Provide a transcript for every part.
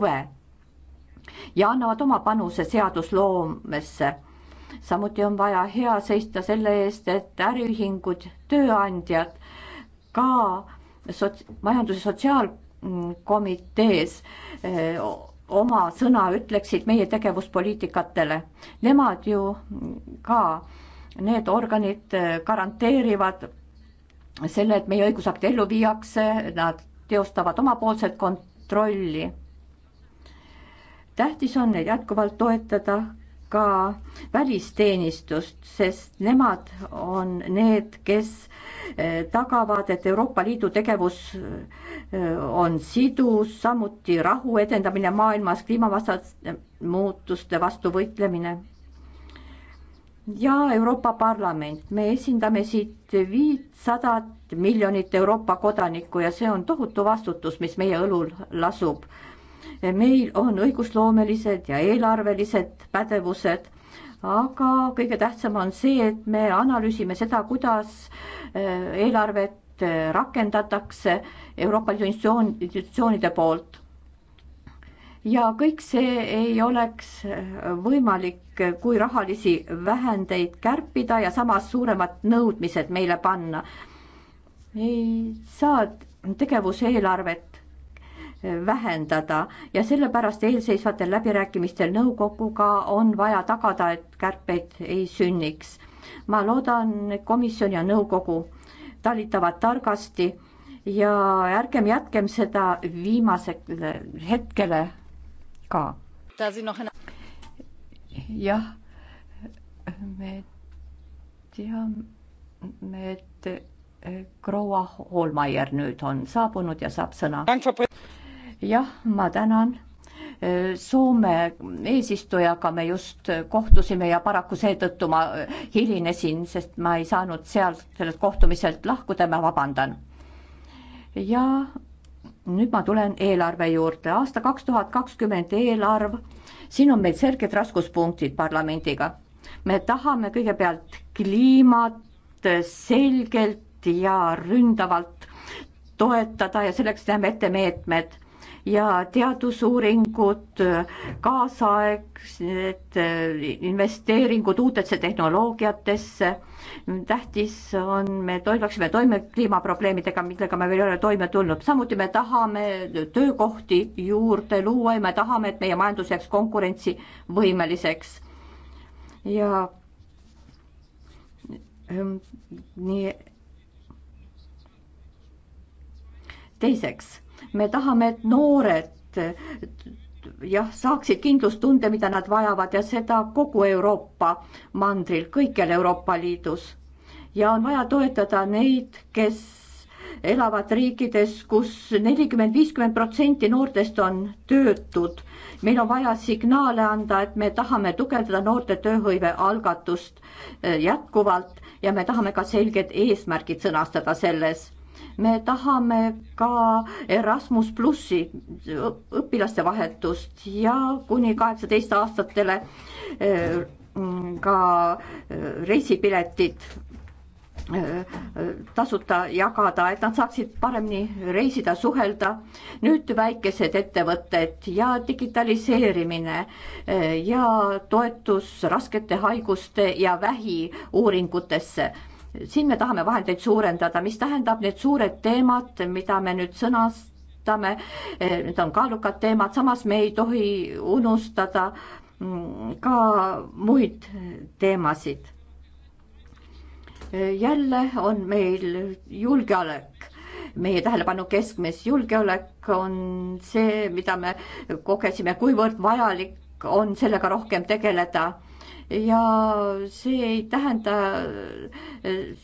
huve ja annavad oma panuse seadusloomesse. samuti on vaja hea seista selle eest, et äriühingud, tööandjad ka sots-, majandus- ja sotsiaalkomitees eh, oma sõna ütleksid meie tegevuspoliitikatele. Nemad ju ka, need organid eh, garanteerivad selle, et meie õigusakte ellu viiakse, nad teostavad omapoolset kontrolli tähtis on neid jätkuvalt toetada ka välisteenistust, sest nemad on need, kes eh, tagavad, et Euroopa Liidu tegevus eh, on sidus, samuti rahu edendamine maailmas, kliimavastaste muutuste vastu võitlemine. ja Euroopa Parlament, me esindame siit viitsadat miljonit Euroopa kodanikku ja see on tohutu vastutus, mis meie õlul lasub meil on õigusloomelised ja eelarvelised pädevused, aga kõige tähtsam on see, et me analüüsime seda, kuidas eh, eelarvet eh, rakendatakse Euroopa Liidu institutsioon, institutsioonide poolt. ja kõik see ei oleks eh, võimalik, kui rahalisi vähendeid kärpida ja samas suuremad nõudmised meile panna. ei saa tegevuseelarvet vähendada ja sellepärast eelseisvatel läbirääkimistel nõukoguga on vaja tagada, et kärpeid ei sünniks. ma loodan, et komisjon ja nõukogu talitavad targasti ja ärgem jätkem seda viimasele hetkele ka. jah, me teame, et proua eh, Hoolmeier nüüd on saabunud ja saab sõna jah, ma tänan. Soome eesistujaga me just kohtusime ja paraku seetõttu ma hilinesin, sest ma ei saanud sealt sellelt kohtumiselt lahkuda, ma vabandan. ja nüüd ma tulen eelarve juurde, aasta kaks tuhat kakskümmend eelarv, siin on meil selged raskuspunktid parlamendiga. me tahame kõigepealt kliimat selgelt ja ründavalt toetada ja selleks näeme ette meetmed ja teadusuuringud, kaasaegsed eh, investeeringud uutesse tehnoloogiatesse. tähtis on, me toimaksime toime kliimaprobleemidega, millega me veel ei ole toime tulnud, samuti me tahame töökohti juurde luua ja me tahame, et meie majandus jääks konkurentsivõimeliseks. ja ehm, nii. teiseks me tahame, et noored jah, saaksid kindlustunde, mida nad vajavad ja seda kogu Euroopa mandril, kõikjal Euroopa Liidus. ja on vaja toetada neid, kes elavad riikides kus, kus nelikümmend, viiskümmend protsenti noortest on töötud. meil on vaja signaale anda, et me tahame tugevdada noorte tööhõive algatust eh, jätkuvalt ja me tahame ka selged eesmärgid sõnastada selles me tahame ka Erasmus plussi õpilaste vahetust ja kuni kaheksateist aastatele eh, ka eh, reisipiletid eh, tasuta jagada, et nad saaksid paremini reisida, suhelda. nüüd väikesed ettevõtted ja digitaliseerimine ja toetus raskete haiguste ja vähi uuringutesse siin me tahame vahendeid suurendada, mis tähendab need suured teemad, mida me nüüd sõnastame, eh, need on kaalukad teemad, samas me ei tohi unustada mm, ka muid teemasid. Eh, jälle on meil julgeolek meie tähelepanu keskmes. julgeolek on see, mida me kogesime, kuivõrd vajalik on sellega rohkem tegeleda ja see ei tähenda äh,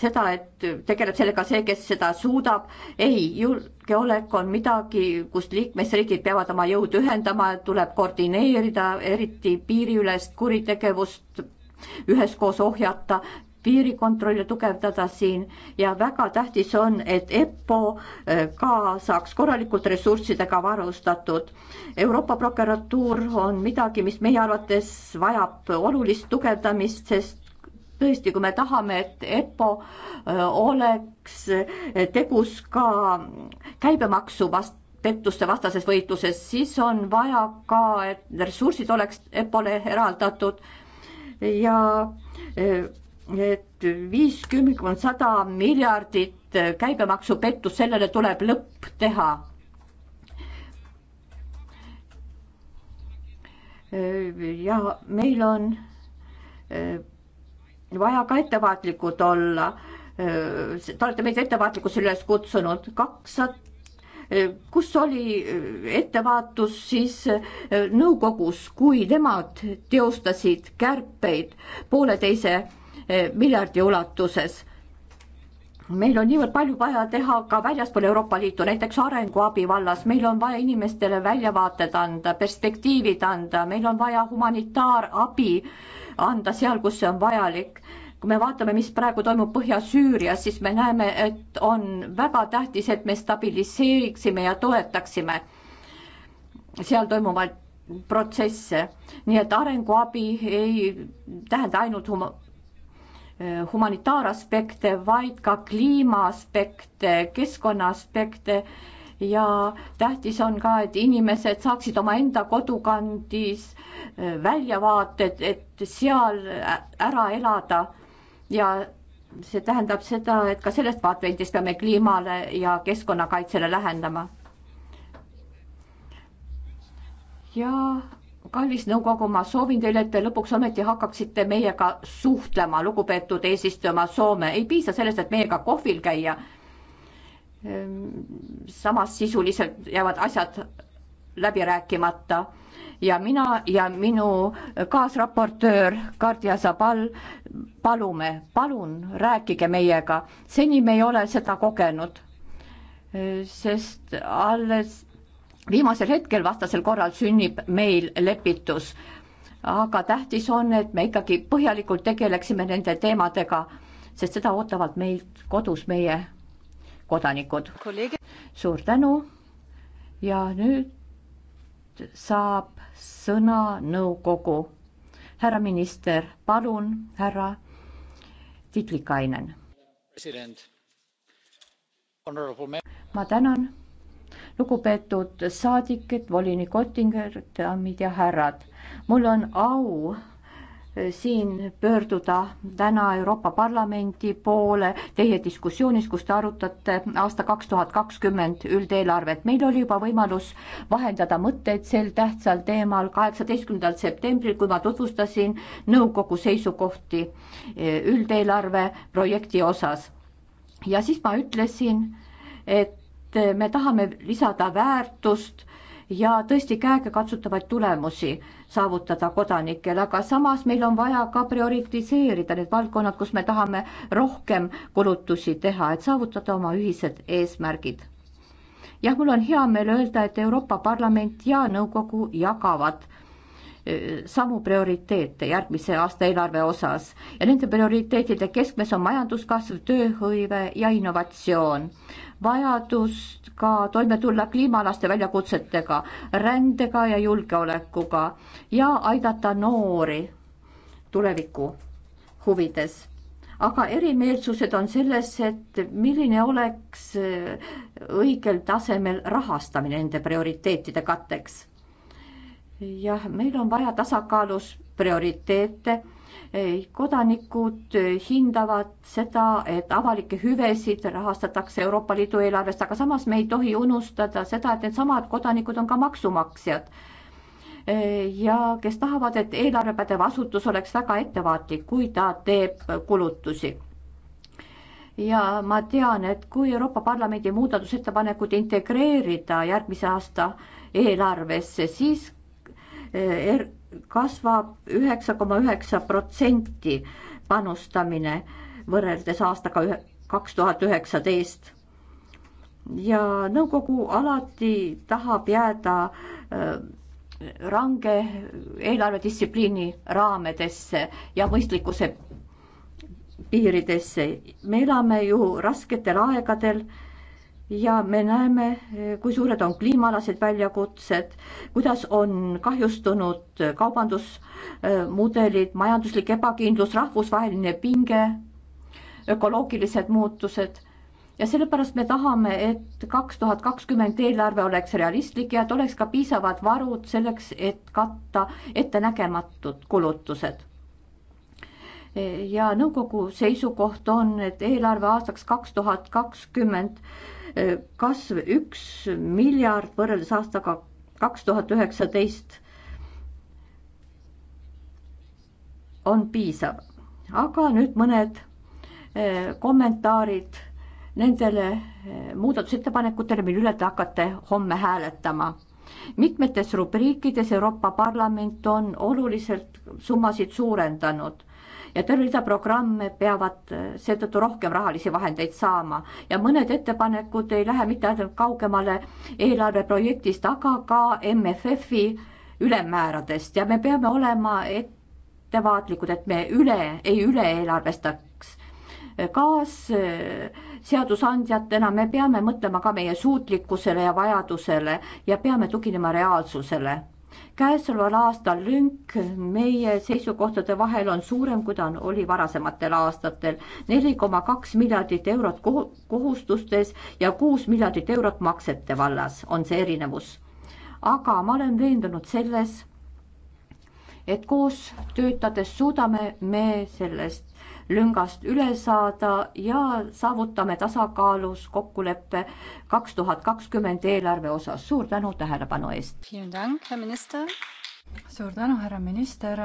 seda, et tegeleb sellega see, kes seda suudab. ei, julgeolek on midagi, kus liikmesriigid peavad oma jõud ühendama, tuleb koordineerida, eriti piiriülest kuritegevust üheskoos ohjata piirikontrolli tugevdada siin ja väga tähtis on, et EPPO eh, ka saaks korralikult ressurssidega varustatud. Euroopa prokuratuur on midagi, mis meie arvates vajab olulist tugevdamist, sest tõesti, kui me tahame, et EPPO eh, oleks eh, tegus ka käibemaksu vast-, pettuste vastases võitluses, siis on vaja ka, et ressursid oleks EPPO-le eraldatud ja et viiskümmend, kui on sada miljardit käibemaksupettus, sellele tuleb lõpp teha. ja meil on eh, vaja ka ettevaatlikud olla. Eh, te olete meid ettevaatlikkus üles kutsunud, kakssada eh, kus oli ettevaatus siis nõukogus, kui nemad teostasid kärpeid pooleteise Eh, miljardi ulatuses meil on niivõrd palju vaja teha ka väljaspool Euroopa Liitu, näiteks arenguabi vallas, meil on vaja inimestele väljavaated anda, perspektiivid anda, meil on vaja humanitaarabi anda seal, kus see on vajalik. kui me vaatame, mis praegu toimub Põhja-Süürias, siis me näeme, et on väga tähtis, et me stabiliseeriksime ja toetaksime seal toimuvaid protsesse, nii et arenguabi ei tähenda ainult hum-, Eh, humanitaaraspekte, vaid ka kliimaaspekte, keskkonnaaspekte ja tähtis on ka, et inimesed saaksid omaenda kodukandis eh, väljavaated, et seal ära elada ja see tähendab seda, et ka sellest vaatevinklist peame kliimale ja keskkonnakaitsele lähendama. ja kallis nõukogu, ma soovin teile, et te lõpuks ometi hakkaksite meiega suhtlema, lugupeetud eesistuja, ma Soome, ei piisa sellest, et meiega kohvil käia. Ehm, samas sisuliselt jäävad asjad läbi rääkimata ja mina ja minu kaasraportöör Kadri Asapal palume, palun rääkige meiega, seni me ei ole seda kogenud. Ehm, sest alles viimasel hetkel, vastasel korral sünnib meil lepitus. aga tähtis on, et me ikkagi põhjalikult tegeleksime nende teemadega, sest seda ootavad meilt kodus meie kodanikud. suur tänu ja nüüd saab sõna nõukogu. härra minister, palun, härra Titlikainen. ma tänan lugupeetud saadikud, volinik Ottinger, daamid ja härrad. mul on au eh, siin pöörduda täna Euroopa Parlamendi poole teie diskussioonis, kus te arutate aasta kaks tuhat kakskümmend üldeelarvet. meil oli juba võimalus vahendada mõtteid sel tähtsal teemal kaheksateistkümnendal septembril, kui ma tutvustasin nõukogu seisukohti eh, üldeelarve projekti osas. ja siis ma ütlesin, et me tahame lisada väärtust ja tõesti käegakatsutavaid tulemusi saavutada kodanikel, aga samas meil on vaja ka prioritiseerida need valdkonnad, kus me tahame rohkem kulutusi teha, et saavutada oma ühised eesmärgid. jah, mul on hea meel öelda, et Euroopa Parlament ja nõukogu jagavad äh, samu prioriteete järgmise aasta eelarve osas ja nende prioriteetide keskmes on majanduskasv, tööhõive ja innovatsioon vajadust ka toime tulla kliimaalaste väljakutsetega, rändega ja julgeolekuga ja aidata noori tuleviku huvides. aga erimeelsused on selles, et milline oleks äh, õigel tasemel rahastamine nende prioriteetide katteks. jah, meil on vaja tasakaalus prioriteete kodanikud eh, hindavad seda, et avalikke hüvesid rahastatakse Euroopa Liidu eelarvest, aga samas me ei tohi unustada seda, et needsamad kodanikud on ka maksumaksjad. Eh, ja kes tahavad, et eelarvepädev asutus oleks väga ettevaatlik, kui ta teeb kulutusi ja ma tean, et kui Euroopa Parlamendi muudatusettepanekud integreerida järgmise aasta eelarvesse, siis eh, er kasvab üheksa koma üheksa protsenti panustamine võrreldes aastaga kaks tuhat üheksateist. ja nõukogu alati tahab jääda äh, range eelarvedistsipliini raamedesse ja mõistlikkuse piiridesse. me elame ju rasketel aegadel ja me näeme, eh, kui suured on kliimaalased väljakutsed, kuidas on kahjustunud eh, kaubandusmudelid, majanduslik ebakindlus, rahvusvaheline pinge, ökoloogilised muutused ja sellepärast me tahame, et kaks tuhat kakskümmend eelarve oleks realistlik ja et oleks ka piisavad varud selleks, et katta ettenägematud kulutused eh, ja nõukogu seisukoht on, et eelarve aastaks kaks tuhat kakskümmend kasv üks miljard võrreldes aastaga kaks tuhat üheksateist on piisav. aga nüüd mõned eh, kommentaarid nendele eh, muudatusettepanekutele, mille üle te hakkate homme hääletama. mitmetes rubriikides Euroopa Parlament on oluliselt summasid suurendanud ja terve rida programme peavad eh, seetõttu rohkem rahalisi vahendeid saama ja mõned ettepanekud ei lähe mitte ainult kaugemale eelarveprojektist, aga ka MFF-i ülemmääradest ja me peame olema ettevaatlikud, et me üle, ei üle eelarvestaks kaasseadusandjatena eh, me peame mõtlema ka meie suutlikkusele ja vajadusele ja peame tuginema reaalsusele käesoleval aastal lünk meie seisukohtade vahel on suurem, kui ta on, oli varasematel aastatel. neli koma kaks miljardit eurot kohustustes ja kuus miljardit eurot maksete vallas on see erinevus. aga ma olen veendunud selles, et koos töötades suudame me sellest lüngast üle saada ja saavutame tasakaalus kokkuleppe kaks tuhat kakskümmend eelarve osas. suur tänu tähelepanu eest. suur tänu, härra minister.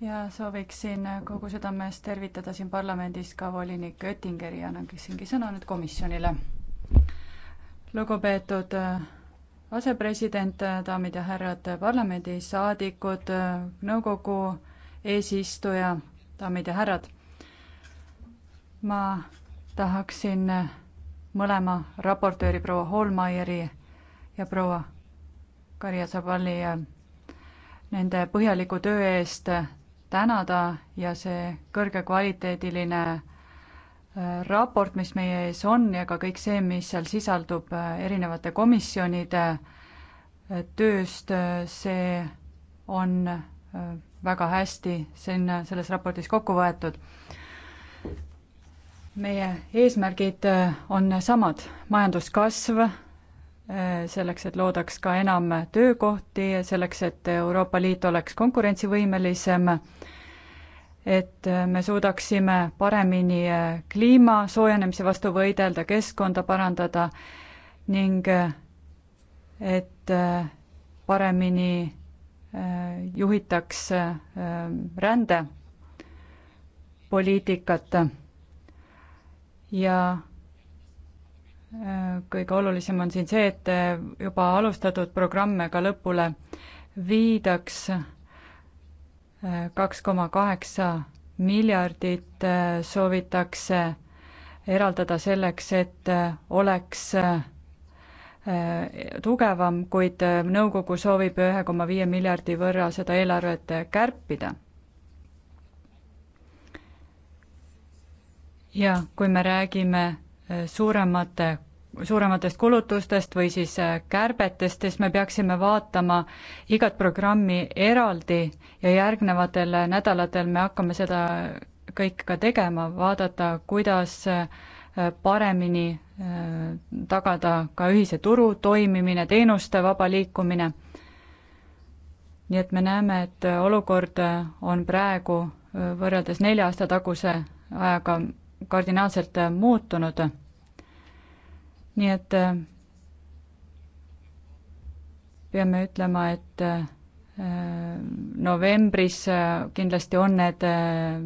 ja sooviksin kogu südamest tervitada siin parlamendis ka volinik Oettingeri ja annaksingi sõna nüüd komisjonile. lugupeetud äh, asepresident, äh, daamid ja härrad äh, parlamendisaadikud, nõukogu eesistuja daamid ja härrad. ma tahaksin mõlema raportööri proua Holmeieri ja proua Karja Sabali äh, nende põhjaliku töö eest tänada ja see kõrgekvaliteediline äh, raport, mis meie ees on ja ka kõik see, mis seal sisaldub äh, erinevate komisjonide tööst, see on väga hästi siin selles raportis kokku võetud. meie eesmärgid eh, on samad, majanduskasv, eh, selleks, et loodaks ka enam töökohti, selleks, et Euroopa Liit oleks konkurentsivõimelisem, et eh, me suudaksime paremini kliima soojenemise vastu võidelda, keskkonda parandada ning et paremini Äh, juhitaks äh, rändepoliitikat ja äh, kõige olulisem on siin see, et juba alustatud programme ka lõpule viidaks kaks koma kaheksa miljardit soovitakse eraldada selleks, et oleks Äh, tugevam, kuid äh, nõukogu soovib ühe koma viie miljardi võrra seda eelarvet äh, kärpida. ja kui me räägime suuremate, suurematest kulutustest või siis kärbetest, siis me peaksime vaatama igat programmi eraldi ja järgnevatel nädalatel me hakkame seda kõik ka tegema, vaadata, kuidas äh, paremini äh, tagada ka ühise turu toimimine, teenuste vaba liikumine. nii et me näeme, et olukord on praegu äh, võrreldes nelja aasta taguse ajaga kardinaalselt äh, muutunud. nii et peame ütlema, et Äh, novembris äh, kindlasti on need äh,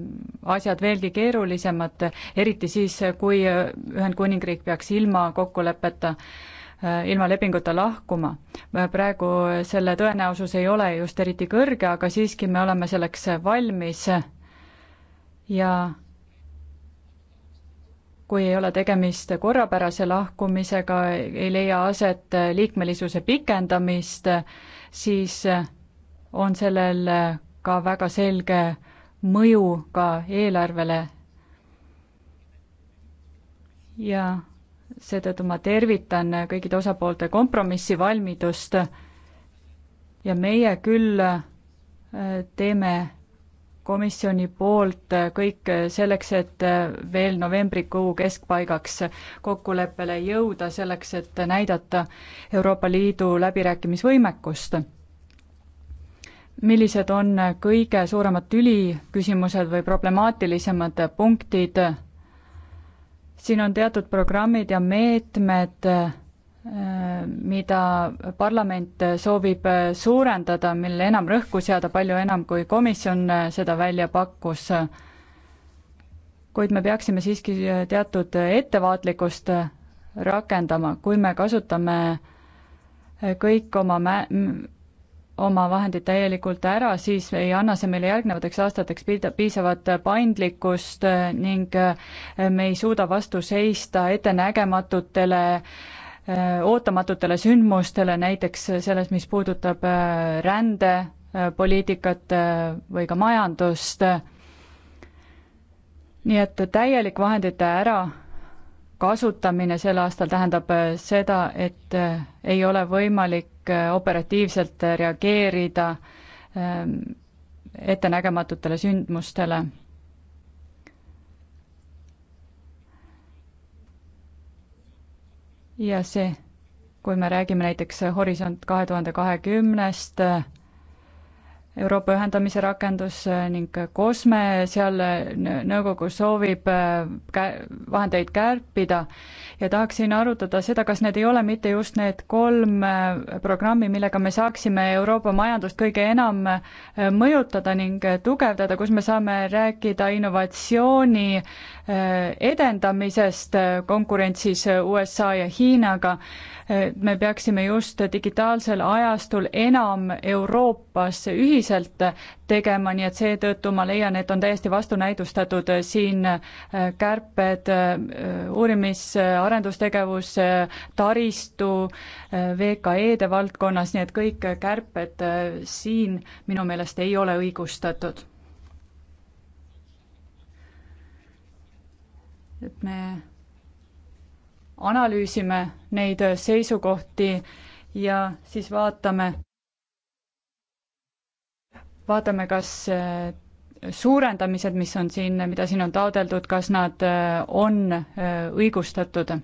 asjad veelgi keerulisemad, eriti siis, kui Ühendkuningriik peaks ilma kokkuleppeta ilma lepinguta lahkuma. praegu selle tõenäosus ei ole just eriti kõrge, aga siiski me oleme selleks valmis ja kui ei ole tegemist korrapärase lahkumisega, ei leia aset liikmelisuse pikendamist, siis on sellel ka väga selge mõju ka eelarvele. ja seetõttu ma tervitan kõikide osapoolte kompromissivalmidust ja meie küll äh, teeme komisjoni poolt kõik selleks, et veel novembrikuu keskpaigaks kokkuleppele jõuda, selleks et näidata Euroopa Liidu läbirääkimisvõimekust millised on kõige suuremad tüliküsimused või problemaatilisemad punktid. siin on teatud programmid ja meetmed, mida parlament soovib suurendada, mille enam rõhku seada, palju enam, kui komisjon seda välja pakkus. kuid me peaksime siiski teatud ettevaatlikkust rakendama, kui me kasutame kõik oma mä-, oma vahendid täielikult ära, siis ei anna see meile järgnevateks aastateks piisavat paindlikkust ning äh, me ei suuda vastu seista ettenägematutele äh, ootamatutele sündmustele, näiteks selles, mis puudutab äh, rändepoliitikat või ka majandust. nii et täielik vahendite ära kasutamine sel aastal tähendab seda, et ei ole võimalik operatiivselt reageerida ähm, ettenägematutele sündmustele. ja see, kui me räägime näiteks Horisont kahe tuhande kahekümnest, Euroopa ühendamise rakendus eh, ning eh, COSME seal eh, nõukogu soovib kä-, vahendeid kärpida ja tahaksin arutada seda, kas need ei ole mitte just need kolm programmi, millega me saaksime Euroopa majandust kõige enam mõjutada ning tugevdada, kus me saame rääkida innovatsiooni edendamisest konkurentsis USA ja Hiinaga me peaksime just digitaalsel ajastul enam Euroopas ühiselt tegema, nii et seetõttu ma leian, et on täiesti vastunäidustatud siin äh, kärped äh, uurimis-, arendustegevus, äh, taristu, VKE-de valdkonnas, nii et kõik kärped siin minu meelest ei ole õigustatud. et me analüüsime neid seisukohti ja siis vaatame, vaatame, kas eh, suurendamised, mis on siin, mida siin on taodeldud, kas nad eh, on eh, õigustatud.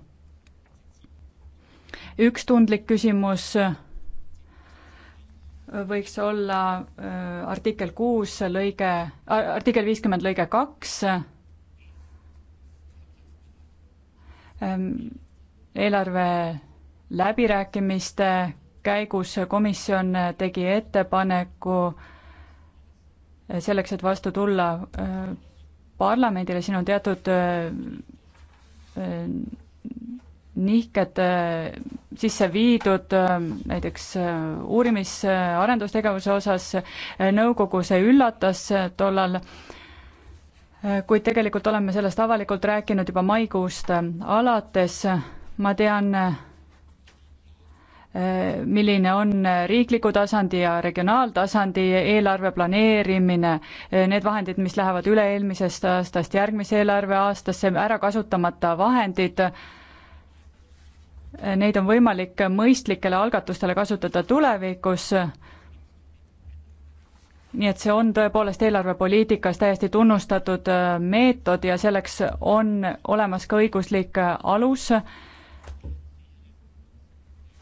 üks tundlik küsimus võiks olla artikkel kuus lõige, artikkel viiskümmend lõige kaks, eelarve läbirääkimiste käigus komisjon tegi ettepaneku selleks, et vastu tulla äh, parlamendile, siin on teatud äh, äh, nihked sisse viidud näiteks uurimis- ja arendustegevuse osas, nõukogu see üllatas tollal, kuid tegelikult oleme sellest avalikult rääkinud juba maikuust alates ma tean, äh, milline on riikliku tasandi ja regionaaltasandi eelarve planeerimine, äh, need vahendid, mis lähevad üle-eelmisest aastast järgmise eelarveaastasse, ära kasutamata vahendid, äh, neid on võimalik mõistlikele algatustele kasutada tulevikus, nii et see on tõepoolest eelarvepoliitikas täiesti tunnustatud meetod ja selleks on olemas ka õiguslik alus,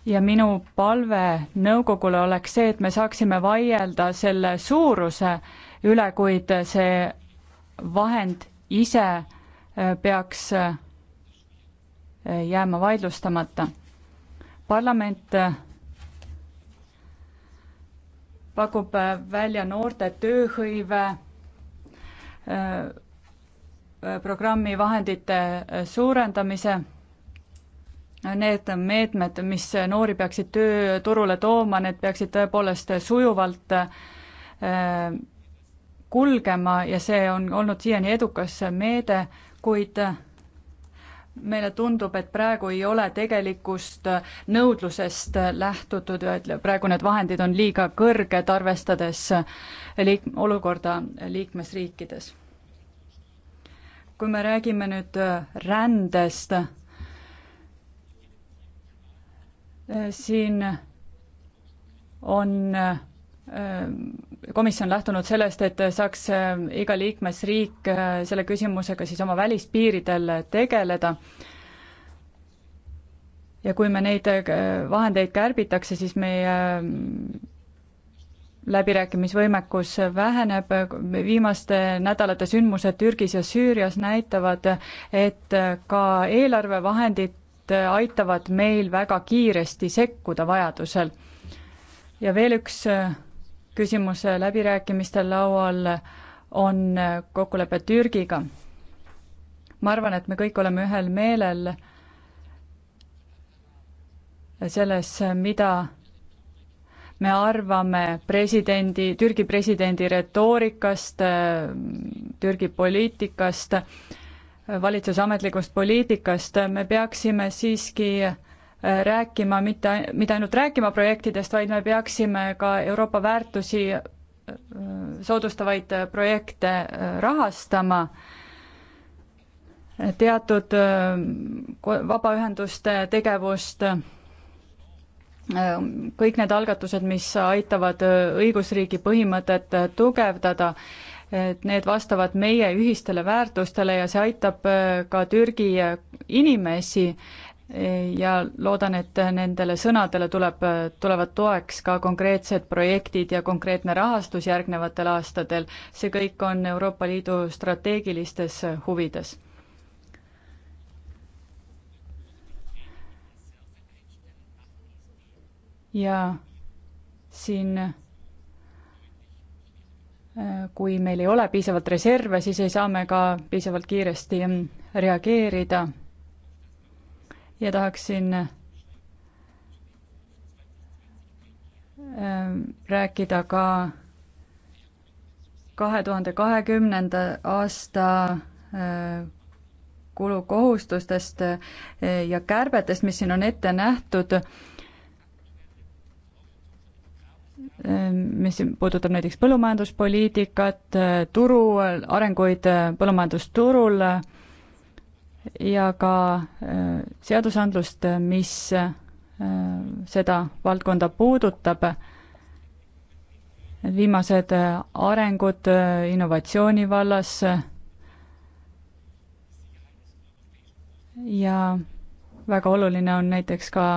ja minu palve nõukogule oleks see, et me saaksime vaielda selle suuruse üle, kuid see vahend ise äh, peaks äh, jääma vaidlustamata. parlament äh, pakub välja noorte tööhõive programmi vahendite suurendamise need meetmed, mis noori peaksid tööturule tooma, need peaksid tõepoolest sujuvalt äh, kulgema ja see on olnud siiani edukas meede, kuid meile tundub, et praegu ei ole tegelikust nõudlusest lähtutud, et praegu need vahendid on liiga kõrged, arvestades liik-, olukorda liikmesriikides. kui me räägime nüüd rändest, Äh, siin on äh, komisjon lähtunud sellest, et saaks äh, iga liikmesriik selle küsimusega siis oma välispiiridel tegeleda. ja kui me neid vahendeid kärbitakse, siis meie läbirääkimisvõimekus väheneb, viimaste nädalate sündmused Türgis ja Süürias näitavad, et ka eelarvevahendid aitavad meil väga kiiresti sekkuda vajadusel. ja veel üks äh, küsimus äh, läbirääkimistel laual on äh, kokkulepe Türgiga. ma arvan, et me kõik oleme ühel meelel selles, mida me arvame presidendi, Türgi presidendi retoorikast, Türgi poliitikast valitsuse ametlikust poliitikast, me peaksime siiski äh, rääkima mitte, mitte ainult rääkima projektidest, vaid me peaksime ka Euroopa väärtusi äh, soodustavaid projekte äh, rahastama. teatud vabaühenduste tegevust, kõik need algatused, mis aitavad õigusriigi põhimõtet tugevdada et need vastavad meie ühistele väärtustele ja see aitab äh, ka Türgi äh, inimesi ja loodan, et nendele sõnadele tuleb, äh, tulevad toeks ka konkreetsed projektid ja konkreetne rahastus järgnevatel aastatel. see kõik on Euroopa Liidu strateegilistes huvides. ja siin kui meil ei ole piisavalt reserve, siis ei saa me ka piisavalt kiiresti reageerida. ja tahaksin ähm, rääkida ka kahe tuhande kahekümnenda aasta äh, kulukohustustest äh, ja kärbetest, mis siin on ette nähtud Ehm, mis puudutab näiteks põllumajanduspoliitikat, äh, turu arenguid äh, põllumajandusturul äh, ja ka seadusandlust, mis seda valdkonda puudutab. Need viimased arengud innovatsiooni vallas ja väga oluline on näiteks ka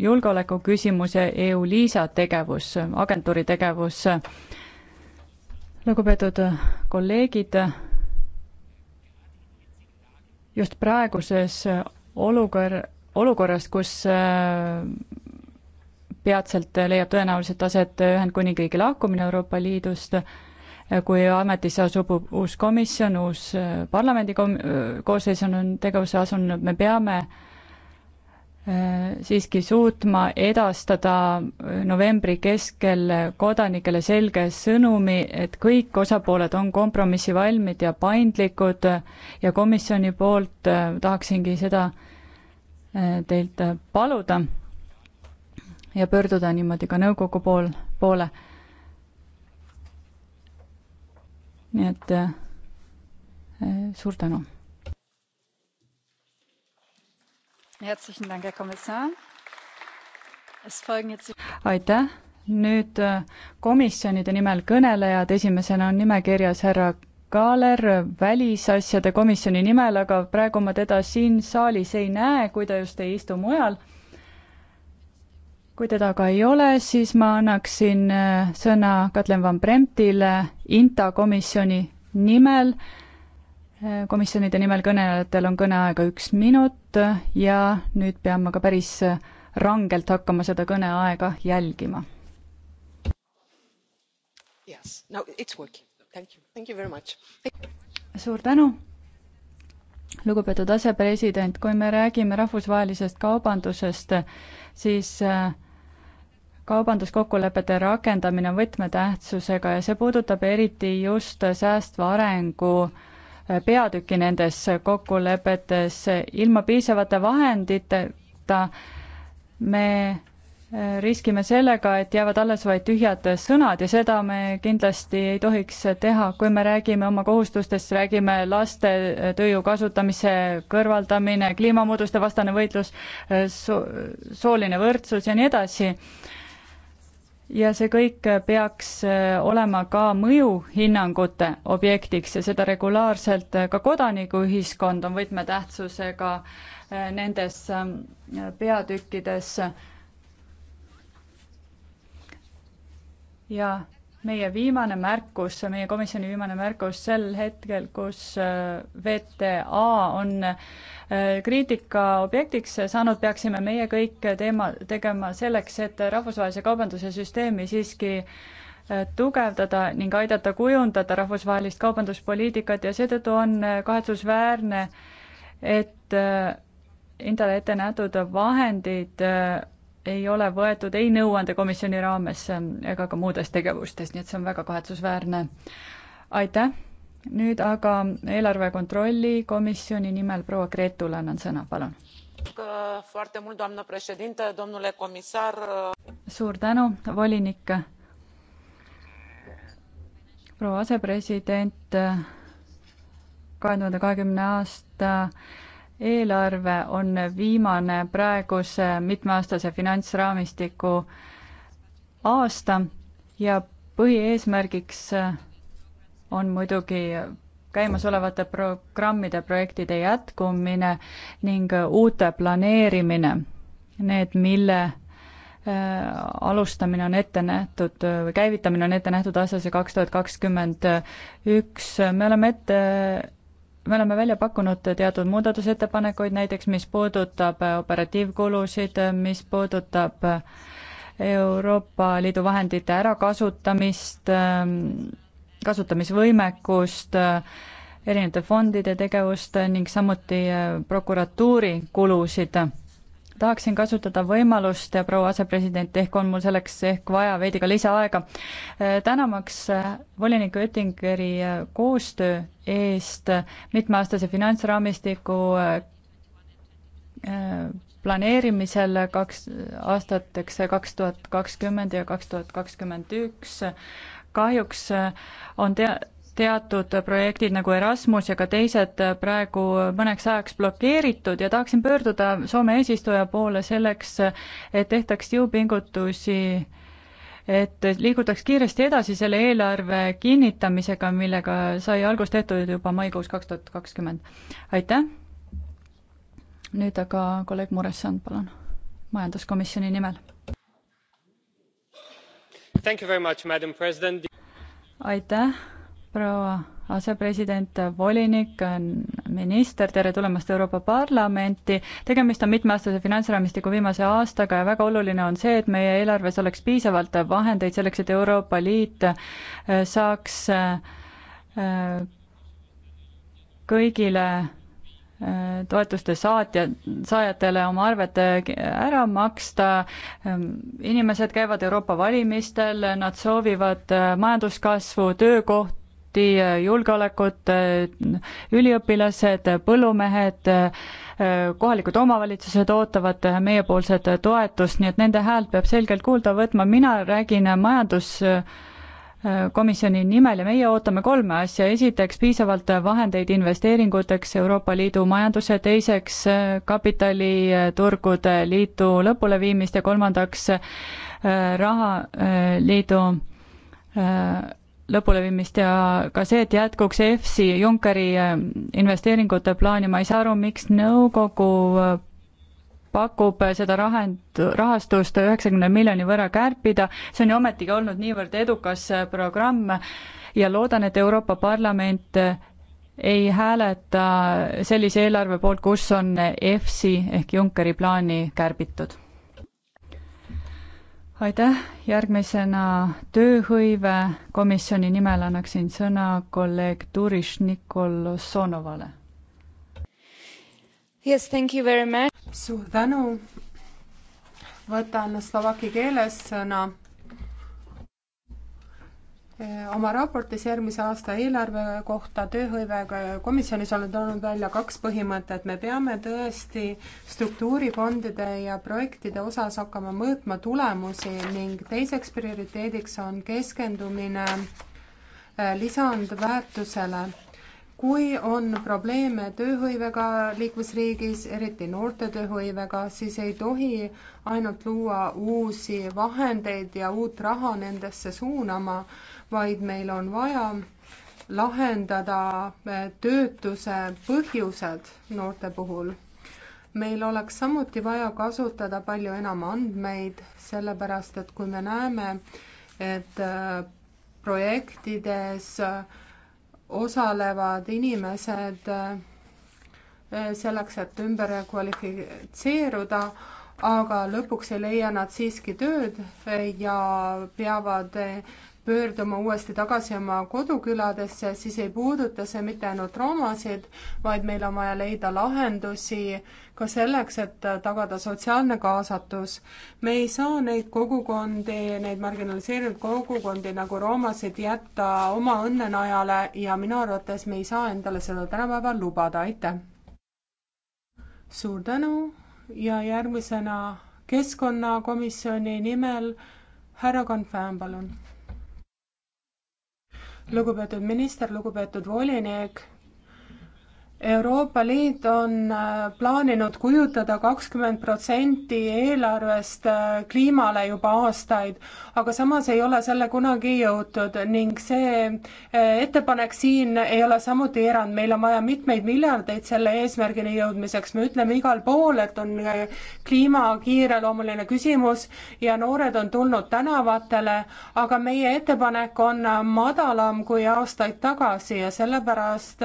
julgeolekuküsimus ja e EU-LISA tegevus, agentuuri tegevus. lugupeetud kolleegid, just praeguses olukor-, olukorras, kus äh, peatselt leiab tõenäoliselt aset Ühendkuningriigi lahkumine Euroopa Liidust, kui ametisse asub uus komisjon, uus äh, parlamendi kom-, äh, koosseis on, on tegevusse asunud, me peame äh, Äh, siiski suutma edastada äh, novembri keskel kodanikele selge sõnumi, et kõik osapooled on kompromissivalmid ja paindlikud äh, ja komisjoni poolt tahaksingi seda teilt paluda ja pöörduda niimoodi ka nõukogu pool, poole. nii et suur tänu aitäh, nüüd äh, komisjonide nimel kõnelejad, esimesena on nimekirjas härra Kaaler äh, välisasjade komisjoni nimel, aga praegu ma teda siin saalis ei näe, kui ta just ei istu mujal. kui teda ka ei ole, siis ma annaksin äh, sõna Katlen Van Bremtile INTA komisjoni nimel komisjonide nimel kõnelejatel on kõneaega üks minut ja nüüd pean ma ka päris rangelt hakkama seda kõneaega jälgima. suur tänu, lugupeetud asepresident, kui me räägime rahvusvahelisest kaubandusest, siis äh, kaubanduskokkulepete rakendamine on võtmetähtsusega ja see puudutab eriti just säästva arengu äh, peatüki nendes kokkulepetes. ilma piisavate vahenditeta me äh, riskime sellega, et jäävad alles vaid tühjad sõnad ja seda me kindlasti ei tohiks teha, kui me räägime oma kohustustest, räägime laste äh, tööjõu kasutamise kõrvaldamine, kliimamuutuste vastane võitlus äh, so, sooline võrdsus ja nii edasi ja see kõik peaks äh, olema ka mõjuhinnangute objektiks ja seda regulaarselt äh, ka kodanikuühiskond on võtmetähtsusega äh, nendes ähm, peatükkides. ja meie viimane märkus, meie komisjoni viimane märkus sel hetkel, kus VTA on kriitika objektiks saanud, peaksime meie kõik teema, tegema selleks, et rahvusvahelise kaubanduse süsteemi siiski äh, tugevdada ning aidata kujundada rahvusvahelist kaubanduspoliitikat ja seetõttu on äh, kahetsusväärne, et äh, endale ette nähtud vahendid ei ole võetud ei nõuandekomisjoni raames ega ka muudes tegevustes, nii et see on väga kahetsusväärne. aitäh! nüüd aga eelarve kontrolli komisjoni nimel proua Gretule annan sõna, palun. suur tänu, volinik. proua asepresident, kahe tuhande kahekümne aasta eelarve on viimane praeguse mitmeaastase finantsraamistiku aasta ja põhieesmärgiks on muidugi käimasolevate programmide, projektide jätkumine ning uute planeerimine, need, mille äh, alustamine on ette nähtud või käivitamine on ette nähtud asjasse kaks tuhat kakskümmend üks, me oleme ette, me oleme välja pakkunud teatud muudatusettepanekuid, näiteks mis puudutab äh, operatiivkulusid, mis puudutab äh, Euroopa Liidu vahendite ärakasutamist äh,, kasutamisvõimekust, äh, erinevate fondide tegevust ning samuti äh, prokuratuuri kulusid. tahaksin kasutada võimalust ja proua asepresident, ehk on mul selleks ehk vaja veidi ka lisaaega, äh, tänamaks volinik Oettingeri koostöö eest mitmeaastase finantsraamistiku planeerimisel kaks aastateks kaks tuhat kakskümmend ja kaks tuhat kakskümmend üks kahjuks äh, on tea-, teatud projektid nagu Erasmus ja ka teised äh, praegu mõneks ajaks blokeeritud ja tahaksin pöörduda Soome eesistuja poole selleks, äh, et tehtaks jõupingutusi, et liigutaks kiiresti edasi selle eelarve kinnitamisega, millega sai algus tehtud juba maikuus kaks tuhat kakskümmend. aitäh! nüüd aga kolleeg Muresson, palun, majanduskomisjoni nimel aitäh, proua asepresident, volinik, minister, tere tulemast Euroopa Parlamenti. tegemist on mitmeaastase finantsraamistiku viimase aastaga ja väga oluline on see, et meie eelarves oleks piisavalt vahendeid selleks, et Euroopa Liit äh, saaks äh, äh, kõigile toetuste saatja, saajatele oma arvete äh, ära maksta. Ähm, inimesed käivad Euroopa valimistel, nad soovivad äh, majanduskasvu, töökohti, äh, julgeolekut, üliõpilased, põllumehed, kohalikud omavalitsused ootavad meiepoolset toetust, nii et nende häält peab selgelt kuulda võtma, mina räägin majandus- komisjoni nimel ja meie ootame kolme asja, esiteks piisavalt vahendeid investeeringuteks Euroopa Liidu majandusse, teiseks kapitaliturgude liidu lõpuleviimist ja kolmandaks rahaliidu eh, eh, lõpuleviimist ja ka see, et jätkuks EFSI Junckeri eh, investeeringute plaani, ma ei saa aru, miks nõukogu pakub seda rahend-, rahastust üheksakümne miljoni võrra kärpida, see on ju ometigi olnud niivõrd edukas programm ja loodan, et Euroopa Parlament ei hääleta sellise eelarve poolt, kus on EFSI ehk Junckeri plaani kärbitud. aitäh, järgmisena tööhõive komisjoni nimel annaksin sõna kolleeg Turiš Nikolosonovale Yes, thank you very much. suur tänu. võtan slovaki keeles sõna eh, oma raportis järgmise aasta eelarve kohta tööhõive komisjonis olen toonud välja kaks põhimõtet. me peame tõesti struktuurifondide ja projektide osas hakkama mõõtma tulemusi ning teiseks prioriteediks on keskendumine eh, lisandväärtusele kui on probleeme tööhõivega liikmesriigis, eriti noorte tööhõivega, siis ei tohi ainult luua uusi vahendeid ja uut raha nendesse suunama, vaid meil on vaja lahendada eh, töötuse põhjused noorte puhul. meil oleks samuti vaja kasutada palju enam andmeid, sellepärast et kui me näeme, et eh, projektides äh, osalevad inimesed eh, selleks, et ümber kvalifitseeruda, aga lõpuks ei leia nad siiski tööd ja peavad eh, pöörduma uuesti tagasi oma koduküladesse, siis ei puuduta see mitte ainult romasid, vaid meil on vaja leida lahendusi ka selleks, et tagada sotsiaalne kaasatus. me ei saa neid kogukondi, neid marginaliseeritud kogukondi nagu roomasid jätta oma õnnenajale ja minu arvates me ei saa endale seda tänapäeval lubada, aitäh! suur tänu ja järgmisena keskkonnakomisjoni nimel härra Kanfään, palun lugupeetud minister, lugupeetud volinik, Euroopa Liit on äh, plaaninud kujutada kakskümmend protsenti eelarvest äh, kliimale juba aastaid, aga samas ei ole selle kunagi jõutud ning see äh, ettepanek siin ei ole samuti erand, meil on vaja mitmeid miljardeid selle eesmärgini jõudmiseks, me ütleme igal pool, et on kliima kiireloomuline küsimus ja noored on tulnud tänavatele, aga meie ettepanek on madalam kui aastaid tagasi ja sellepärast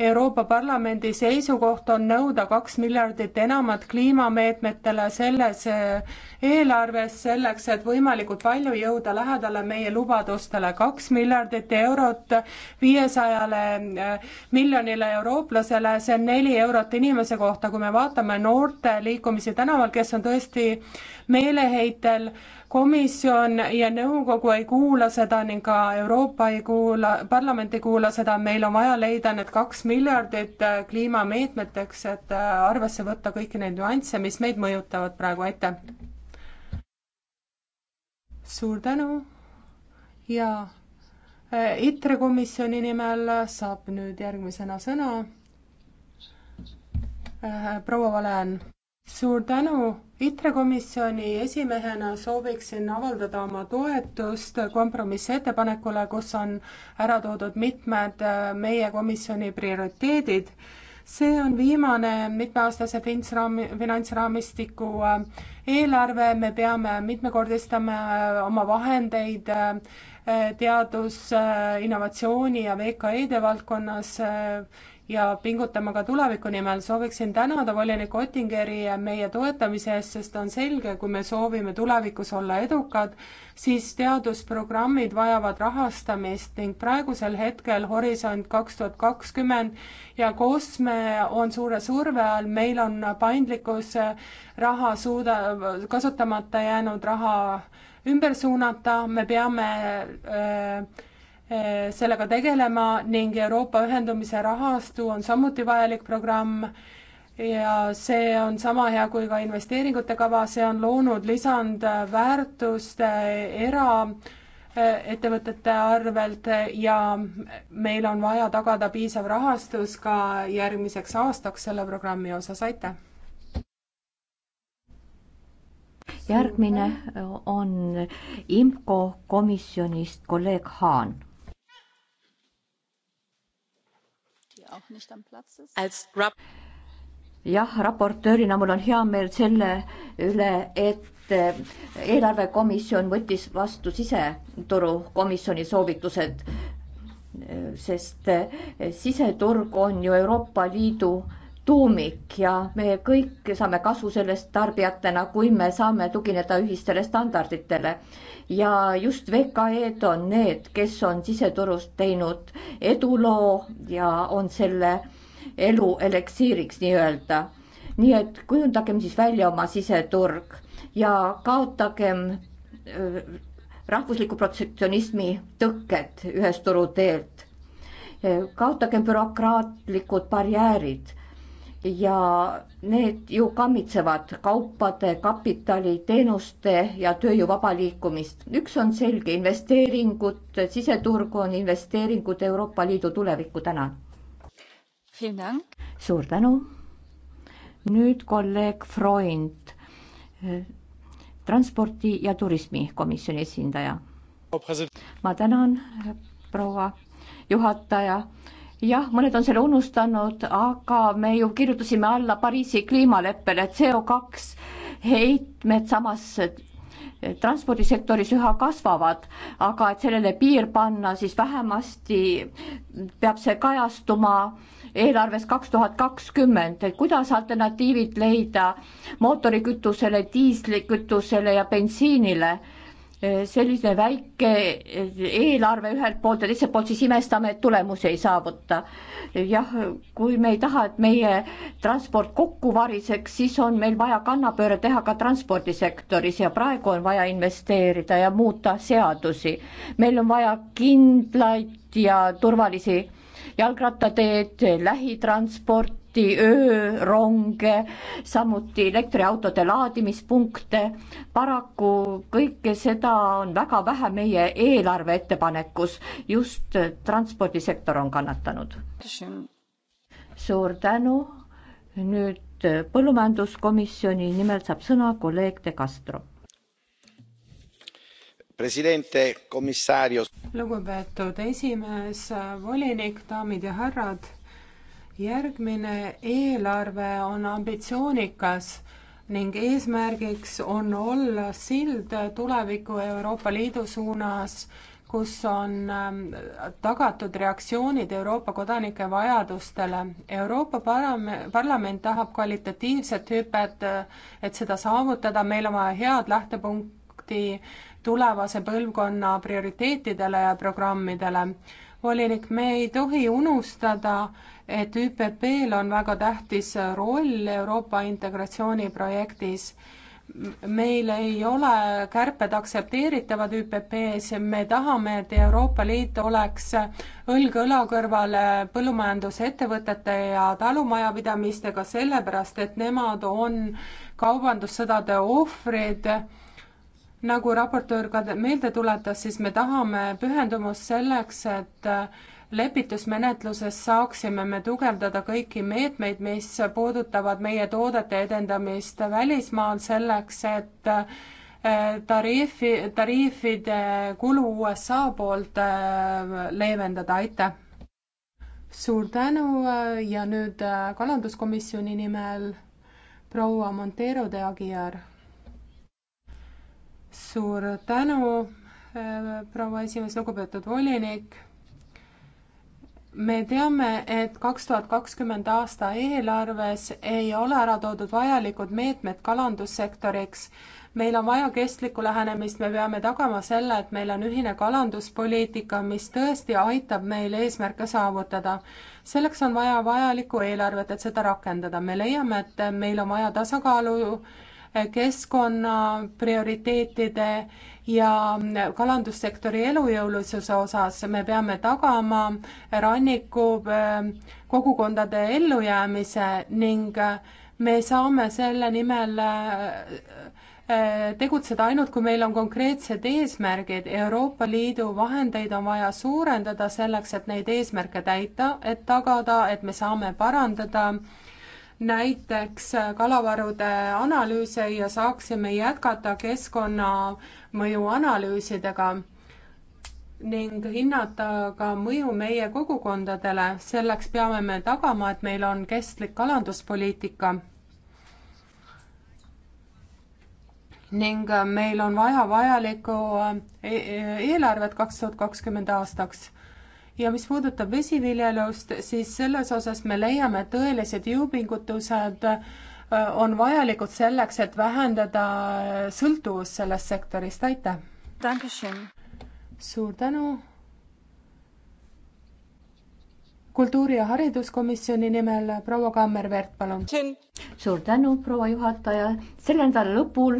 Euroopa Parlamendi seisukoht on nõuda kaks miljardit enamat kliimameetmetele selles eh, eelarves, selleks et võimalikult palju jõuda lähedale meie lubadustele. kaks miljardit eurot viiesajale eh, miljonile eurooplasele, see on neli eurot inimese kohta, kui me vaatame noorte liikumisi tänaval, kes on tõesti meeleheitel komisjon ja nõukogu ei kuula seda ning ka Euroopa ei kuula, parlament ei kuula seda, meil on vaja leida need kaks miljardit kliimameetmeteks, et äh, arvesse võtta kõiki neid nüansse, mis meid mõjutavad praegu, aitäh! suur tänu ja äh, ITRE komisjoni nimel saab nüüd järgmisena sõna äh, proua Valen. suur tänu ITRE komisjoni esimehena sooviksin avaldada oma toetust kompromissettepanekule, kus on ära toodud mitmed äh, meie komisjoni prioriteedid. see on viimane mitmeaastase finantsraami, finantsraamistiku äh, eelarve, me peame mitmekordistama äh, oma vahendeid teadus, innovatsiooni ja VKE-de valdkonnas ja pingutama ka tuleviku nimel. sooviksin tänada volinik Ottingeri meie toetamise eest, sest on selge, kui me soovime tulevikus olla edukad, siis teadusprogrammid vajavad rahastamist ning praegusel hetkel Horisont kaks tuhat kakskümmend ja COSME on suure surve all, meil on paindlikkus raha suuda, kasutamata jäänud raha ümber suunata, me peame öö, Eh, sellega tegelema ning Euroopa ühendamise rahastu on samuti vajalik programm ja see on sama hea kui ka investeeringute kava, see on loonud lisandväärtust eh, eraettevõtete eh, arvelt ja meil on vaja tagada piisav rahastus ka järgmiseks aastaks selle programmi osas, aitäh! järgmine on IMCO komisjonist kolleeg Haan als jah, raportöörina mul on hea meel selle üle, et eh, eelarvekomisjon võttis vastu siseturukomisjoni soovitused, eh, sest eh, siseturg on ju Euroopa Liidu tuumik ja me kõik saame kasu sellest tarbijatena, kui me saame tugineda ühistele standarditele. ja just VKE-d on need, kes on siseturust teinud eduloo ja on selle elu eliksiiriks nii-öelda. nii et kujundagem siis välja oma siseturg ja kaotagem äh, rahvusliku protsessionismi tõkked ühest turuteelt. kaotagem bürokraatlikud barjäärid ja need ju kammitsevad kaupade, kapitali, teenuste ja tööjõu vaba liikumist. üks on selge, investeeringud siseturgu on investeeringud Euroopa Liidu tulevikku, tänan. suur tänu. nüüd kolleeg Freund, transpordi ja turismikomisjoni esindaja. ma tänan, proua juhataja jah, mõned on selle unustanud, aga me ju kirjutasime alla Pariisi kliimaleppele, CO2 heitmed samas transpordisektoris üha kasvavad, aga et sellele piir panna, siis vähemasti peab see kajastuma eelarves kaks tuhat kakskümmend, et kuidas alternatiivid leida mootorikütusele, diislikütusele ja bensiinile selline väike eelarve ühelt poolt ja teiselt poolt siis imestame, et tulemusi ei saavuta. jah, kui me ei taha, et meie transport kokku variseks, siis on meil vaja kannapööre teha ka transpordisektoris ja praegu on vaja investeerida ja muuta seadusi. meil on vaja kindlaid ja turvalisi jalgrattateed, lähitransport, samuti ööronge, samuti elektriautode laadimispunkte. paraku kõike seda on väga vähe meie eelarve ettepanekus, just transpordisektor on kannatanud. suur tänu. nüüd põllumajanduskomisjoni nimel saab sõna kolleeg De Castro. presidente, komissario. lugupeetud esimees, volinik, daamid ja härrad järgmine eelarve on ambitsioonikas ning eesmärgiks on olla sild tuleviku Euroopa Liidu suunas, kus on ähm, tagatud reaktsioonid Euroopa kodanike vajadustele. Euroopa parlam-, parlament tahab kvalitatiivset hüpet, äh, et seda saavutada, meil on vaja head lähtepunkti tulevase põlvkonna prioriteetidele ja programmidele. volinik, me ei tohi unustada, et ÜPP-l on väga tähtis roll Euroopa integratsiooniprojektis. meil ei ole kärped aktsepteeritavad ÜPP-s, me tahame, et Euroopa Liit oleks õlg õla kõrval põllumajandusettevõtete ja talumajapidamistega, sellepärast et nemad on kaubandussõdade ohvrid nagu raportöör ka meelde tuletas, siis me tahame pühendumust selleks, et lepitusmenetluses saaksime me tugevdada kõiki meetmeid, mis puudutavad meie toodete edendamist välismaal selleks, et eh, tariifi, tariifide kulu USA poolt eh, leevendada, aitäh! suur tänu eh, ja nüüd kalanduskomisjoni nimel proua Montero de Aguiar. suur tänu, proua esimees, lugupeetud volinik me teame, et kaks tuhat kakskümmend aasta eelarves ei ole ära toodud vajalikud meetmed kalandussektoriks. meil on vaja kestlikku lähenemist, me peame tagama selle, et meil on ühine kalanduspoliitika, mis tõesti aitab meil eesmärke saavutada. selleks on vaja vajalikku eelarvet, et seda rakendada. me leiame, et meil on vaja tasakaalu keskkonna prioriteetide ja kalandussektori elujõulisuse osas me peame tagama ranniku äh, kogukondade ellujäämise ning äh, me saame selle nimel äh, tegutseda ainult, kui meil on konkreetsed eesmärgid. Euroopa Liidu vahendeid on vaja suurendada selleks, et neid eesmärke täita, et tagada, et me saame parandada äh, näiteks kalavarude analüüse ja saaksime jätkata keskkonnamõju analüüsidega ning hinnata ka mõju meie kogukondadele, selleks peame me tagama, et meil on kestlik kalanduspoliitika. ning meil on vaja vajalikku e-, e-, eelarvet kaks tuhat kakskümmend aastaks ja mis puudutab vesiviljelust, siis selles osas me leiame, et tõelised jõupingutused äh, on vajalikud selleks, et vähendada sõltuvust sellest sektorist, aitäh! suur tänu! kultuuri- ja hariduskomisjoni nimel proua Kammervert, palun. suur tänu, proua juhataja. selle nädala lõpul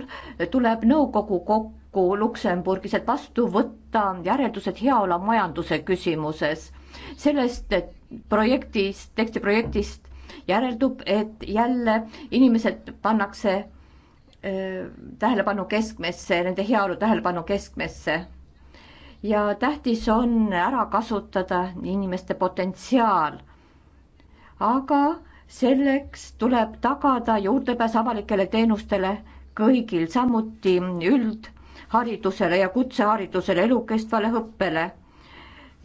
tuleb nõukogu kokku kokku Luksemburgis, et vastu võtta järeldused heaolumajanduse küsimuses. sellest projektist, tekstiprojektist järeldub, et jälle inimesed pannakse öö, äh, tähelepanu keskmesse, nende heaolu tähelepanu keskmesse. ja tähtis on ära kasutada inimeste potentsiaal. aga selleks tuleb tagada juurdepääs avalikele teenustele kõigil, samuti üld haridusele ja kutseharidusele, elukestvale õppele.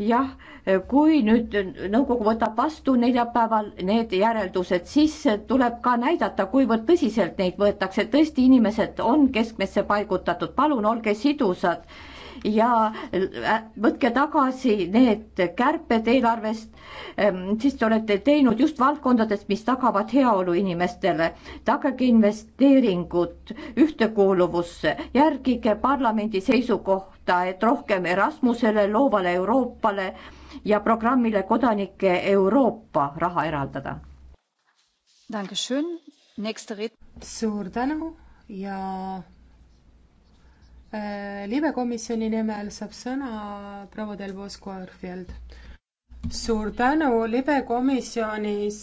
jah, kui nüüd nõukogu võtab vastu neljapäeval need järeldused, siis tuleb ka näidata, kuivõrd tõsiselt neid võetakse, tõesti inimesed on keskmesse paigutatud, palun olge sidusad ja äh, võtke tagasi need kärped eelarvest, ähm, siis te olete teinud just valdkondades, mis tagavad heaolu inimestele. tagage investeeringud ühtekuuluvusse, järgige parlamendi seisukohta, et rohkem Erasmusele, loovale Euroopale ja programmile Kodanike Euroopa raha eraldada. suur tänu ja Äh, libekomisjoni nimel saab sõna proua Del Bosco Arfield. suur tänu, libekomisjonis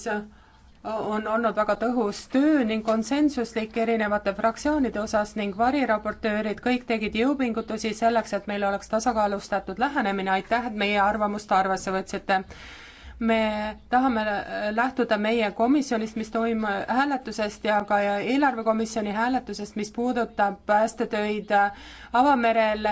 on olnud väga tõhus töö ning konsensuslik erinevate fraktsioonide osas ning variraportöörid kõik tegid jõupingutusi selleks, et meil oleks tasakaalustatud lähenemine, aitäh, et meie arvamust arvesse võtsite me tahame lähtuda meie komisjonist, mis toimub hääletusest ja ka eelarvekomisjoni hääletusest, mis puudutab päästetöid avamerel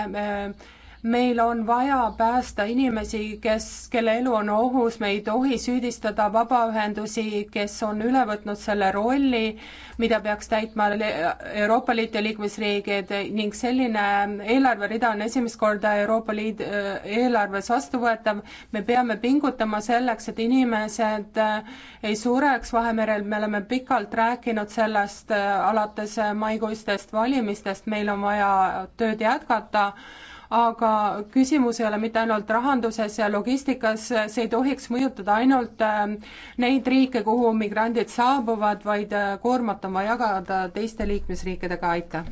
meil on vaja päästa inimesi, kes, kelle elu on ohus, me ei tohi süüdistada vabaühendusi, kes on üle võtnud selle rolli, mida peaks täitma Euroopa Liidu liikmesriigid ning selline eelarverida on esimest korda Euroopa Liidu äh, eelarves vastuvõetav. me peame pingutama selleks, et inimesed äh, ei sureks Vahemerel, me oleme pikalt rääkinud sellest äh, alates maikuistest valimistest, meil on vaja tööd jätkata aga küsimus ei ole mitte ainult rahanduses ja logistikas, see ei tohiks mõjutada ainult ähm, neid riike, kuhu migrandid saabuvad, vaid äh, koormat on vaja jagada teiste liikmesriikidega, aitäh!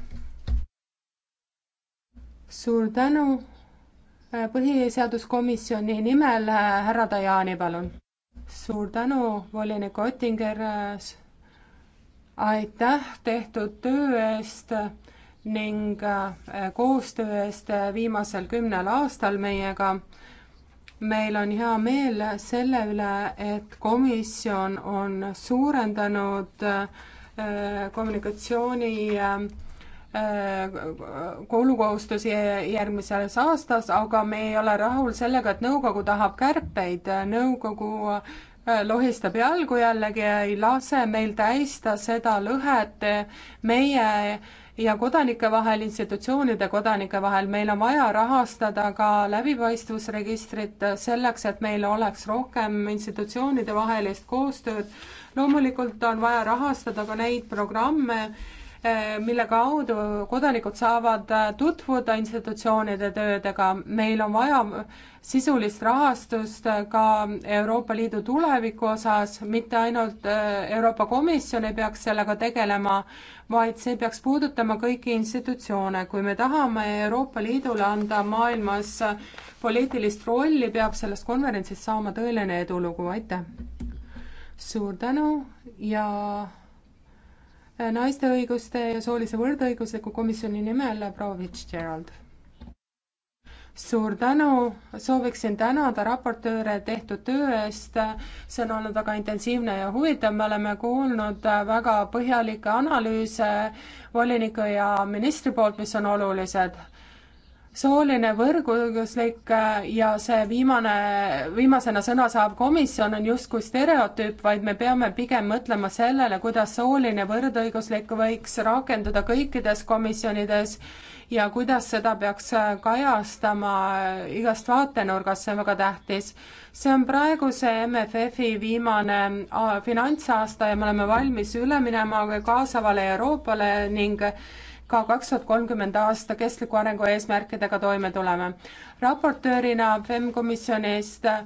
suur tänu! Äh, põhiseaduskomisjoni nimel äh, härra Tajani, palun! suur tänu, volinik Ottinger! aitäh tehtud töö eest! ning äh, koostöö eest äh, viimasel kümnel aastal meiega. meil on hea meel selle üle, et komisjon on suurendanud äh, kommunikatsiooni koolukohustusi järgmises aastas, aga me ei ole rahul sellega, et nõukogu tahab kärpeid. nõukogu lohistab jalgu jällegi ja ei lase meil täista seda lõhet meie ja kodanike vahel, institutsioonide kodanike vahel. meil on vaja rahastada ka läbipaistvusregistrit selleks, et meil oleks rohkem institutsioonide vahelist koostööd. loomulikult on vaja rahastada ka neid programme mille kaudu kodanikud saavad tutvuda institutsioonide töödega. meil on vaja sisulist rahastust ka Euroopa Liidu tuleviku osas, mitte ainult äh, Euroopa Komisjon ei peaks sellega tegelema, vaid see peaks puudutama kõiki institutsioone. kui me tahame Euroopa Liidule anda maailmas poliitilist rolli, peab sellest konverentsist saama tõeline edulugu, aitäh! suur tänu ja naiste õiguste ja soolise võrdõigusliku komisjoni nimel proua Fitzgerald. suur tänu, sooviksin tänada raportööre tehtud töö eest, see on olnud väga intensiivne ja huvitav, me oleme kuulnud väga põhjalikke analüüse voliniku ja ministri poolt, mis on olulised sooline võrguslik äh, ja see viimane, viimasena sõna saav komisjon on justkui stereotüüp, vaid me peame pigem mõtlema sellele, kuidas sooline võrdõiguslik võiks rakenduda kõikides komisjonides ja kuidas seda peaks äh, kajastama äh, igast vaatenurgast, see on väga tähtis. see on praeguse MFF-i viimane finantsaasta ja me oleme valmis üle minema kaasavale Euroopale ning ka kaks tuhat kolmkümmend aasta kestliku arengu eesmärkidega toime tuleme. raportöörina FEM komisjonist äh,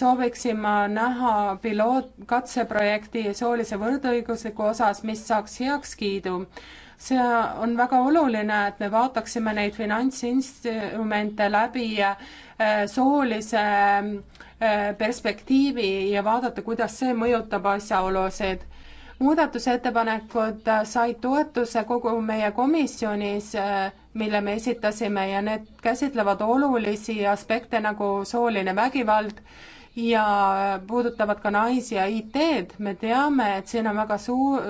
sooviksin ma näha pilootkatseprojekti soolise võrdõigusliku osas, mis saaks heakskiidu. see on väga oluline, et me vaataksime neid finantsinstrumente läbi äh, soolise äh, perspektiivi ja vaadata, kuidas see mõjutab asjaolusid muudatusettepanekud said toetuse kogu meie komisjonis, äh, mille me esitasime ja need käsitlevad olulisi aspekte nagu sooline vägivald ja puudutavad ka naisi ja IT-d. me teame, et siin on väga suur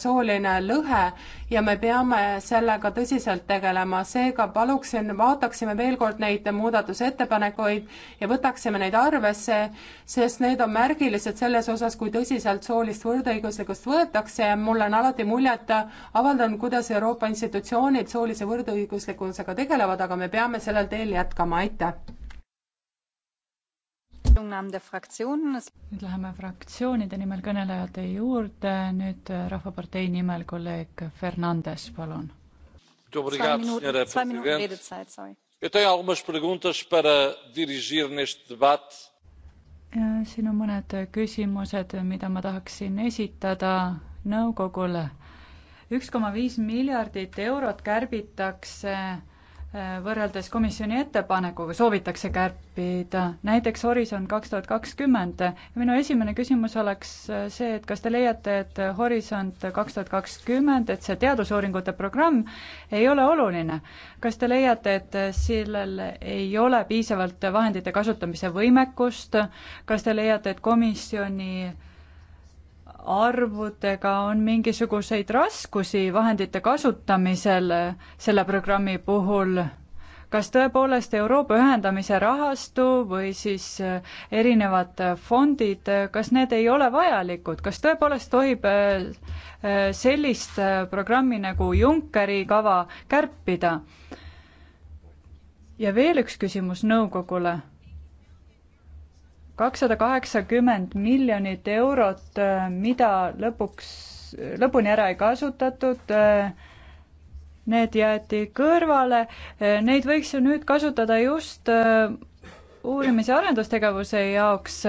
sooline lõhe ja me peame sellega tõsiselt tegelema, seega paluksin, vaataksime veel kord neid muudatusettepanekuid ja võtaksime neid arvesse, sest need on märgilised selles osas, kui tõsiselt soolist võrdõiguslikkust võetakse ja mul on alati muljet avaldan, kuidas Euroopa institutsioonid soolise võrdõiguslikkusega tegelevad, aga me peame sellel teel jätkama, aitäh! nüüd läheme fraktsioonide nimel kõnelejate juurde, nüüd Rahvapartei nimel kolleeg Fernandes, palun. siin on mõned küsimused, mida ma tahaksin esitada nõukogule. üks koma viis miljardit eurot kärbitakse Äh, võrreldes komisjoni ettepanekuga soovitakse kärpida, näiteks Horisont kaks tuhat kakskümmend. minu esimene küsimus oleks äh, see, et kas te leiate, et Horisont kaks tuhat kakskümmend, et see teadusuuringute programm ei ole oluline. kas te leiate, et äh, sellel ei ole piisavalt vahendite kasutamise võimekust, kas te leiate, et komisjoni arvudega on mingisuguseid raskusi vahendite kasutamisel selle programmi puhul. kas tõepoolest Euroopa ühendamise rahastu või siis eh, erinevad fondid, eh, kas need ei ole vajalikud, kas tõepoolest tohib eh, sellist programmi nagu Junckeri kava kärpida? ja veel üks küsimus nõukogule kakssada kaheksakümmend miljonit eurot, äh, mida lõpuks, lõpuni ära ei kasutatud, äh, need jäeti kõrvale, äh, neid võiks ju nüüd kasutada just uurimis- ja arendustegevuse jaoks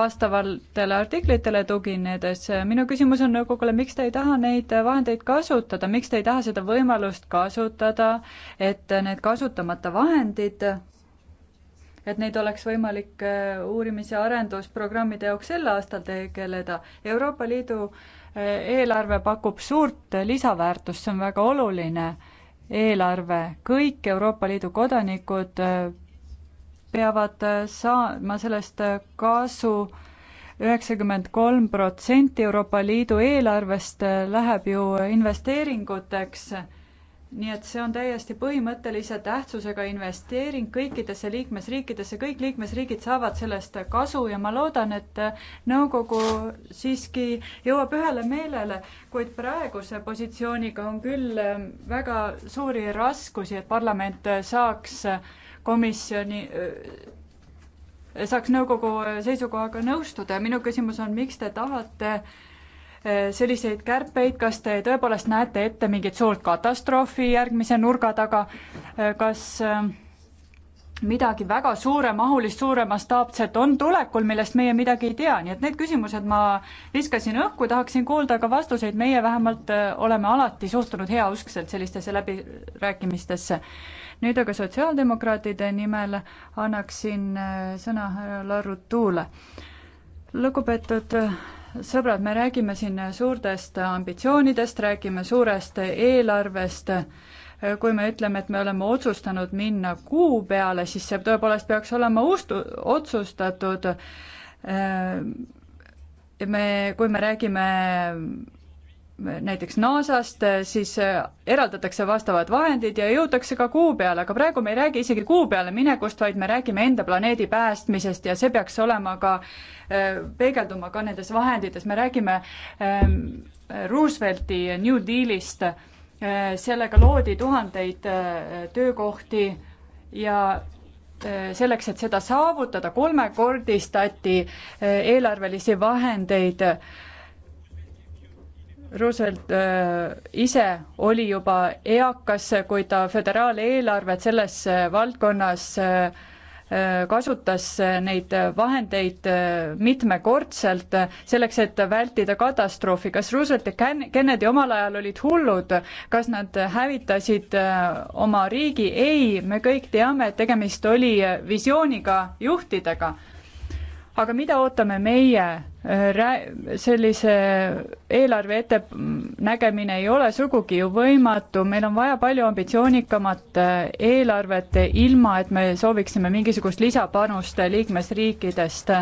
vastavatele artiklitele tuginedes. minu küsimus on nõukogule, miks te ei taha neid vahendeid kasutada, miks te ei taha seda võimalust kasutada, et need kasutamata vahendid et neid oleks võimalik äh, uurimis- ja arendusprogrammide jaoks sel aastal tegeleda. Euroopa Liidu äh, eelarve pakub suurt lisaväärtust, see on väga oluline eelarve, kõik Euroopa Liidu kodanikud äh, peavad saama sellest kasu üheksakümmend kolm protsenti Euroopa Liidu eelarvest läheb ju investeeringuteks nii et see on täiesti põhimõttelise tähtsusega investeering kõikidesse liikmesriikidesse, kõik liikmesriigid saavad sellest kasu ja ma loodan, et nõukogu siiski jõuab ühele meelele, kuid praeguse positsiooniga on küll väga suuri raskusi, et parlament saaks komisjoni saaks nõukogu seisukohaga nõustuda ja minu küsimus on, miks te tahate äh, selliseid kärpeid, kas te tõepoolest näete ette mingit suurt katastroofi järgmise nurga taga, kas äh, midagi väga suuremahulist, suuremastaapset on tulekul, millest meie midagi ei tea, nii et need küsimused ma viskasin õhku, tahaksin kuulda ka vastuseid, meie vähemalt äh, oleme alati suhtunud heauskselt sellistesse läbirääkimistesse. nüüd aga sotsiaaldemokraatide nimel annaksin äh, sõna härra Larutuule. lugupeetud sõbrad, me räägime siin suurtest ambitsioonidest, räägime suurest eelarvest, kui me ütleme, et me oleme otsustanud minna kuu peale, siis see tõepoolest peaks olema ustu-, otsustatud. me, kui me räägime näiteks NASA-st, siis äh, eraldatakse vastavad vahendid ja jõutakse ka Kuu peale, aga praegu me ei räägi isegi Kuu peale minekust, vaid me räägime enda planeedi päästmisest ja see peaks olema ka, äh, peegelduma ka nendes vahendites, me räägime ähm, Roosevelti New Dealist, äh, sellega loodi tuhandeid töökohti ja selleks, et seda saavutada, kolmekordistati eelarvelisi vahendeid Roosevelt äh, ise oli juba eakas, kui ta föderaaleelarvet selles äh, valdkonnas äh, kasutas neid vahendeid mitmekordselt selleks, et vältida katastroofi. kas Roosevelt ja Kennedy omal ajal olid hullud, kas nad hävitasid oma riigi? ei, me kõik teame, et tegemist oli visiooniga juhtidega aga mida ootame meie? sellise eelarve ettenägemine ei ole sugugi ju võimatu, meil on vaja palju ambitsioonikamat äh, eelarvet, ilma et me sooviksime mingisugust lisapanust liikmesriikidest.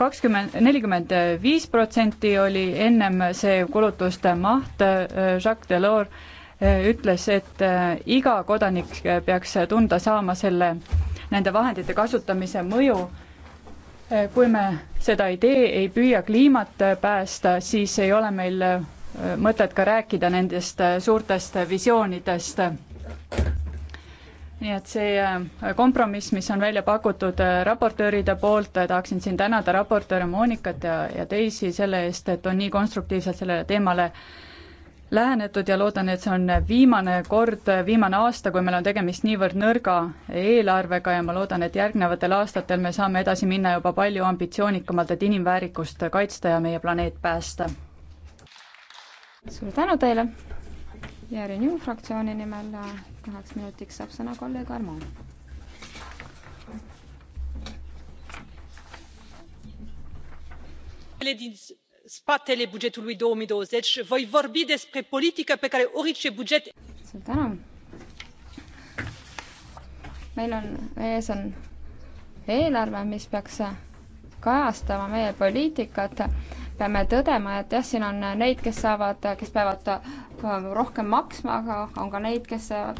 kakskümmend, nelikümmend viis protsenti oli ennem see kulutuste maht, äh, Jacques Delors äh, ütles, et iga kodanik peaks tunda saama selle, nende vahendite kasutamise mõju Eh, kui me seda ei tee, ei püüa kliimat eh, päästa, siis ei ole meil eh, mõtet ka rääkida nendest suurtest visioonidest. nii et see kompromiss, mis on välja pakutud raportööride poolt, tahaksin siin tänada raportööre Monikat ja, ja teisi selle eest, et on nii konstruktiivselt sellele teemale äh, lähenetud ja loodan, et see on viimane kord, viimane aasta, kui meil on tegemist niivõrd nõrga eelarvega ja ma loodan, et järgnevatel aastatel me saame edasi minna juba palju ambitsioonikamalt, et inimväärikust kaitsta ja meie planeet päästa. suur tänu teile ja Renew fraktsiooni nimel äh, kaheks minutiks saab sõna kolleeg Armo. din spatele bugetului două mii douăzeci voi vorbi despre politică pe care orice buget. suur tänu. meil on ees on eelarve, mis peaks kajastama meie poliitikat peame tõdema, et jah, siin on neid, kes saavad, kes peavad äh, rohkem maksma, aga on ka neid, kes äh,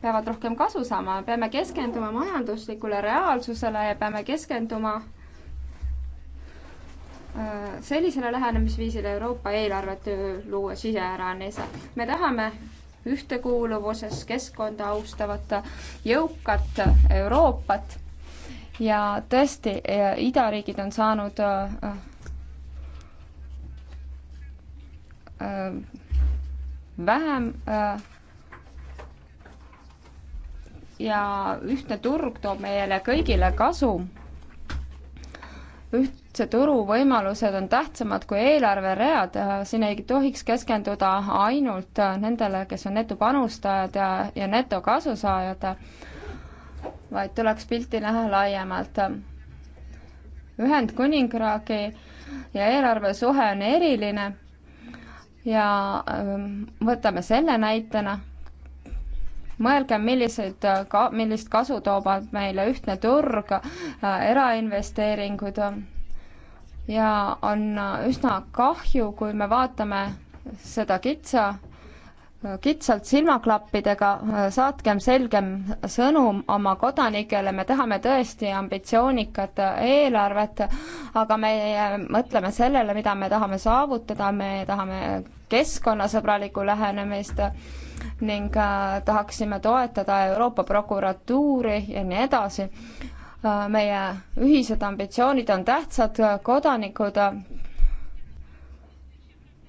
peavad rohkem kasu saama. peame keskenduma majanduslikule reaalsusele ja peame keskenduma Äh, sellisele lähenemisviisile Euroopa eelarvet luua siseäranise. me tahame ühtekuuluvuses keskkonda austavat jõukat Euroopat ja tõesti, e, idariigid on saanud äh, äh, vähem äh, ja ühtne turg toob meile kõigile kasu ühtse turu võimalused on tähtsamad kui eelarveread, siin ei tohiks keskenduda ainult nendele, kes on netopanustajad ja, ja netokasusaajad, vaid tuleks pilti näha laiemalt. Ühendkuningriigi ja eelarve suhe on eriline ja ähm, võtame selle näitena mõelgem, millised äh, ka,, millist kasu toob meile ühtne turg, äh, erainvesteeringud ja on äh, üsna kahju, kui me vaatame seda kitsa kitsalt silmaklappidega, saatkem selgem sõnum oma kodanikele, me tahame tõesti ambitsioonikat eelarvet, aga me mõtleme sellele, mida me tahame saavutada, me tahame keskkonnasõbralikku lähenemist ning äh, tahaksime toetada Euroopa prokuratuuri ja nii edasi. Äh, meie ühised ambitsioonid on tähtsad, kodanikud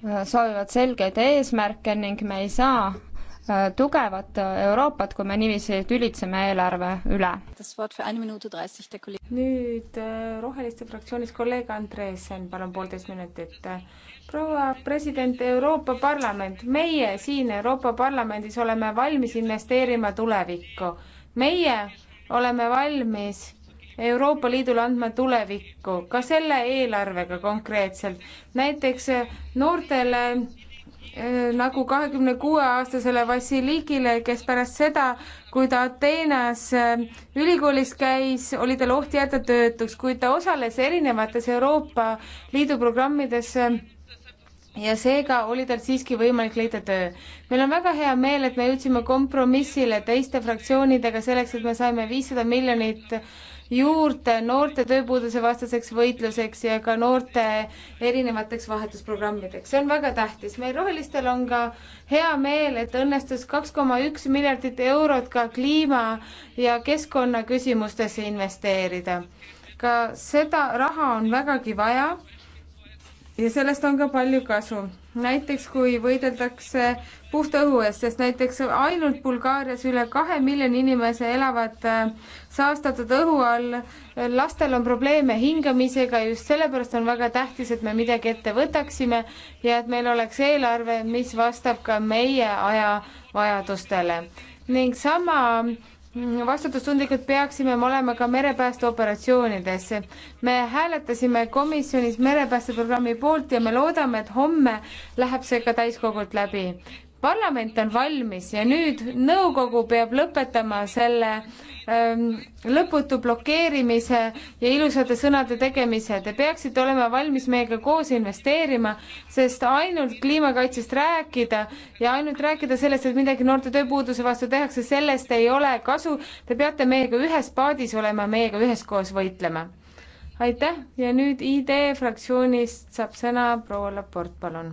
Äh, soovivad selgeid eesmärke ning me ei saa äh, tugevat äh, Euroopat, kui me niiviisi tülitseme eelarve üle. nüüd Roheliste fraktsioonis kolleeg Andresen, palun poolteist minutit. proua president, Euroopa Parlament, meie siin Euroopa Parlamendis oleme valmis investeerima tulevikku. meie oleme valmis Euroopa Liidule andma tulevikku, ka selle eelarvega konkreetselt. näiteks eh, noortele eh, nagu kahekümne kuue aastasele Vassilikile, kes pärast seda, kui ta Ateenas eh, ülikoolis käis, oli tal oht jääda töötuks, kuid ta osales erinevates Euroopa Liidu programmides ja seega oli tal siiski võimalik leida töö. meil on väga hea meel, et me jõudsime kompromissile teiste fraktsioonidega selleks, et me saime viissada miljonit juurde noorte tööpuuduse vastaseks võitluseks ja ka noorte erinevateks vahetusprogrammideks. see on väga tähtis. meil rohelistel on ka hea meel, et õnnestus kaks koma üks miljardit eurot ka kliima ja keskkonnaküsimustesse investeerida. ka seda raha on vägagi vaja ja sellest on ka palju kasu. näiteks kui võideldakse puhta õhu eest, sest näiteks ainult Bulgaarias üle kahe miljoni inimese elavad äh, saastatud õhu all. lastel on probleeme hingamisega, just sellepärast on väga tähtis, et me midagi ette võtaksime ja et meil oleks eelarve, mis vastab ka meie aja vajadustele ning sama mm, vastutustundlikud peaksime me olema ka merepäästeoperatsioonides. me hääletasime komisjonis merepäästeprogrammi poolt ja me loodame, et homme läheb see ka täiskogult läbi parlament on valmis ja nüüd nõukogu peab lõpetama selle ähm, lõputu blokeerimise ja ilusate sõnade tegemise. Te peaksite olema valmis meiega koos investeerima, sest ainult kliimakaitsest rääkida ja ainult rääkida sellest, et midagi noorte tööpuuduse vastu tehakse, sellest ei ole kasu. Te peate meiega ühes paadis olema, meiega üheskoos võitlema aitäh ja nüüd ID fraktsioonist saab sõna proua Laport, palun.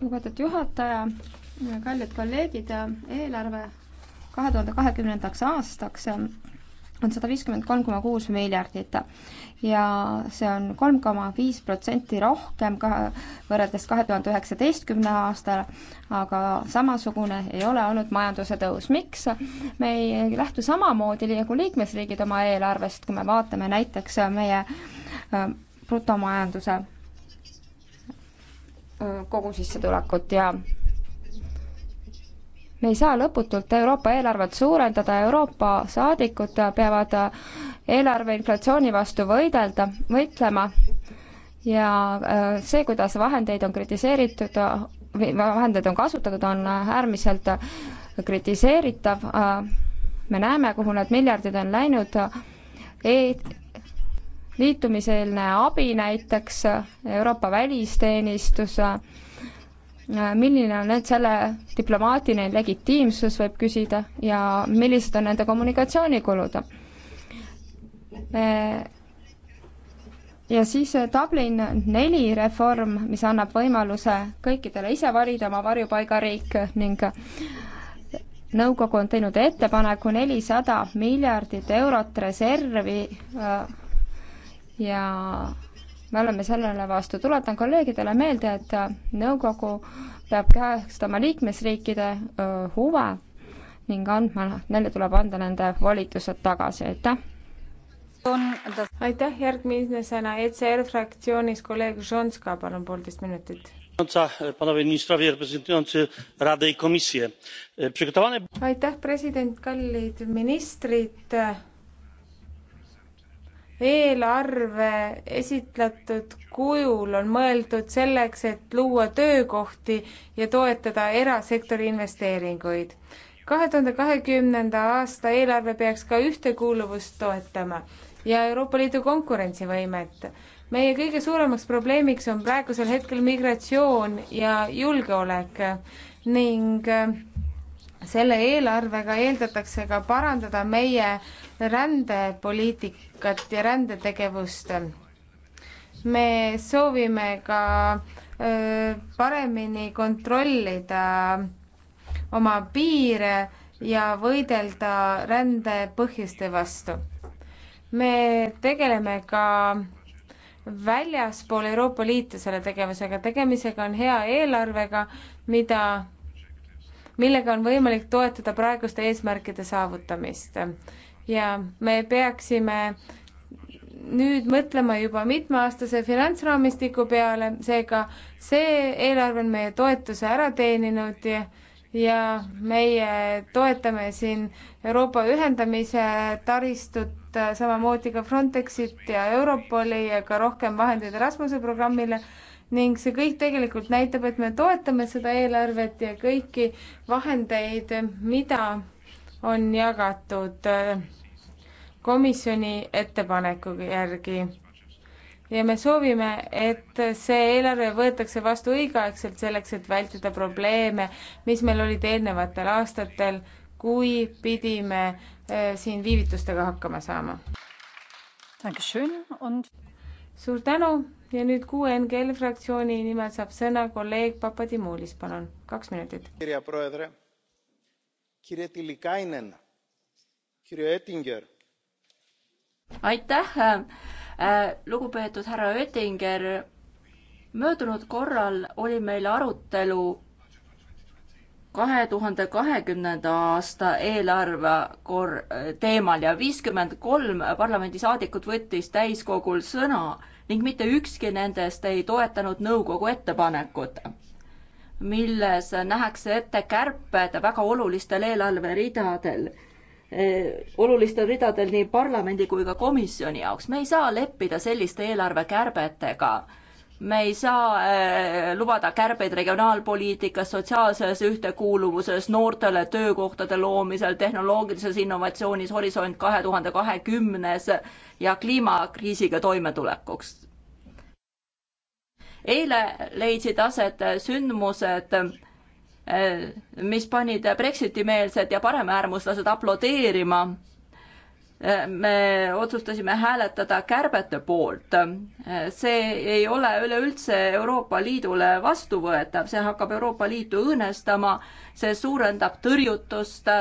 lugupeetud juhataja, kallid kolleegid, eelarve kahe tuhande kahekümnendaks aastaks on sada viiskümmend kolm koma kuus miljardit ja see on kolm koma viis protsenti rohkem ka võrreldes kahe tuhande üheksateistkümne aastal, aga samasugune ei ole olnud majanduse tõus. miks? me ei lähtu samamoodi nagu liikmesriigid oma eelarvest, kui me vaatame näiteks meie äh, brutomajanduse äh, kogusissetulekut ja me ei saa lõputult Euroopa eelarvet suurendada, Euroopa saadikud peavad eelarve inflatsiooni vastu võidelda, võitlema ja äh, see, kuidas vahendeid on kritiseeritud, vahendeid on kasutatud, on äärmiselt kritiseeritav. Äh, me näeme, kuhu need miljardid on läinud e. liitumiseelne abi näiteks, Euroopa välisteenistus milline on nüüd selle diplomaatiline legitiimsus, võib küsida, ja millised on nende kommunikatsioonikulud? ja siis Dublin neli reform, mis annab võimaluse kõikidele ise valida oma varjupaigariik ning nõukogu on teinud ettepaneku nelisada miljardit eurot reservi äh, ja me oleme sellele vastu. tuletan kolleegidele meelde, et nõukogu peab käestama liikmesriikide huve ning andma, neile tuleb anda nende volitused tagasi, aitäh! aitäh, järgmisena ECR fraktsioonis kolleeg Žonska, palun poolteist minutit. aitäh, president, kallid ministrid eelarve esitletud kujul on mõeldud selleks, et luua töökohti ja toetada erasektori investeeringuid. kahe tuhande kahekümnenda aasta eelarve peaks ka ühtekuuluvust toetama ja Euroopa Liidu konkurentsivõimet. meie kõige suuremaks probleemiks on praegusel hetkel migratsioon ja julgeolek ning selle eelarvega eeldatakse ka parandada meie rändepoliitikat ja rändetegevust. me soovime ka öö, paremini kontrollida oma piire ja võidelda rände põhjuste vastu. me tegeleme ka väljaspool Euroopa Liitu selle tegevusega, tegemisega on hea eelarvega, mida millega on võimalik toetada praeguste eesmärkide saavutamist. ja me peaksime nüüd mõtlema juba mitmeaastase finantsraamistiku peale, seega see eelarve on meie toetuse ära teeninud ja ja meie toetame siin Euroopa ühendamise taristut Äh, samamoodi ka Frontexit ja Europoli ja ka rohkem vahendeid Erasmuse programmile ning see kõik tegelikult näitab, et me toetame seda eelarvet ja kõiki vahendeid, mida on jagatud äh, komisjoni ettepaneku järgi. ja me soovime, et see eelarve võetakse vastu õigeaegselt selleks, et vältida probleeme, mis meil olid eelnevatel aastatel kui pidime eh, siin viivitustega hakkama saama. suur tänu ja nüüd QNGL fraktsiooni nimel saab sõna kolleeg Papadimulis, palun, kaks minutit. aitäh, äh, lugupeetud härra Oettinger. möödunud korral oli meil arutelu kahe tuhande kahekümnenda aasta eelarve kor-, teemal ja viiskümmend kolm parlamendisaadikut võttis täiskogul sõna ning mitte ükski nendest ei toetanud nõukogu ettepanekut, milles nähakse ette kärped väga olulistel eelarveridadel, e, olulistel ridadel nii parlamendi kui ka komisjoni jaoks. me ei saa leppida selliste eelarvekärbetega me ei saa äh, lubada kärbeid regionaalpoliitikas, sotsiaalses ühtekuuluvuses, noortele töökohtade loomisel, tehnoloogilises innovatsioonis, Horisont kahe tuhande kahekümnes ja kliimakriisiga toimetulekuks. eile leidsid aset sündmused äh,, mis panid Brexiti-meelsed ja paremäärmuslased aplodeerima me otsustasime hääletada kärbete poolt. see ei ole üleüldse Euroopa Liidule vastuvõetav, see hakkab Euroopa Liitu õõnestama, see suurendab tõrjutust,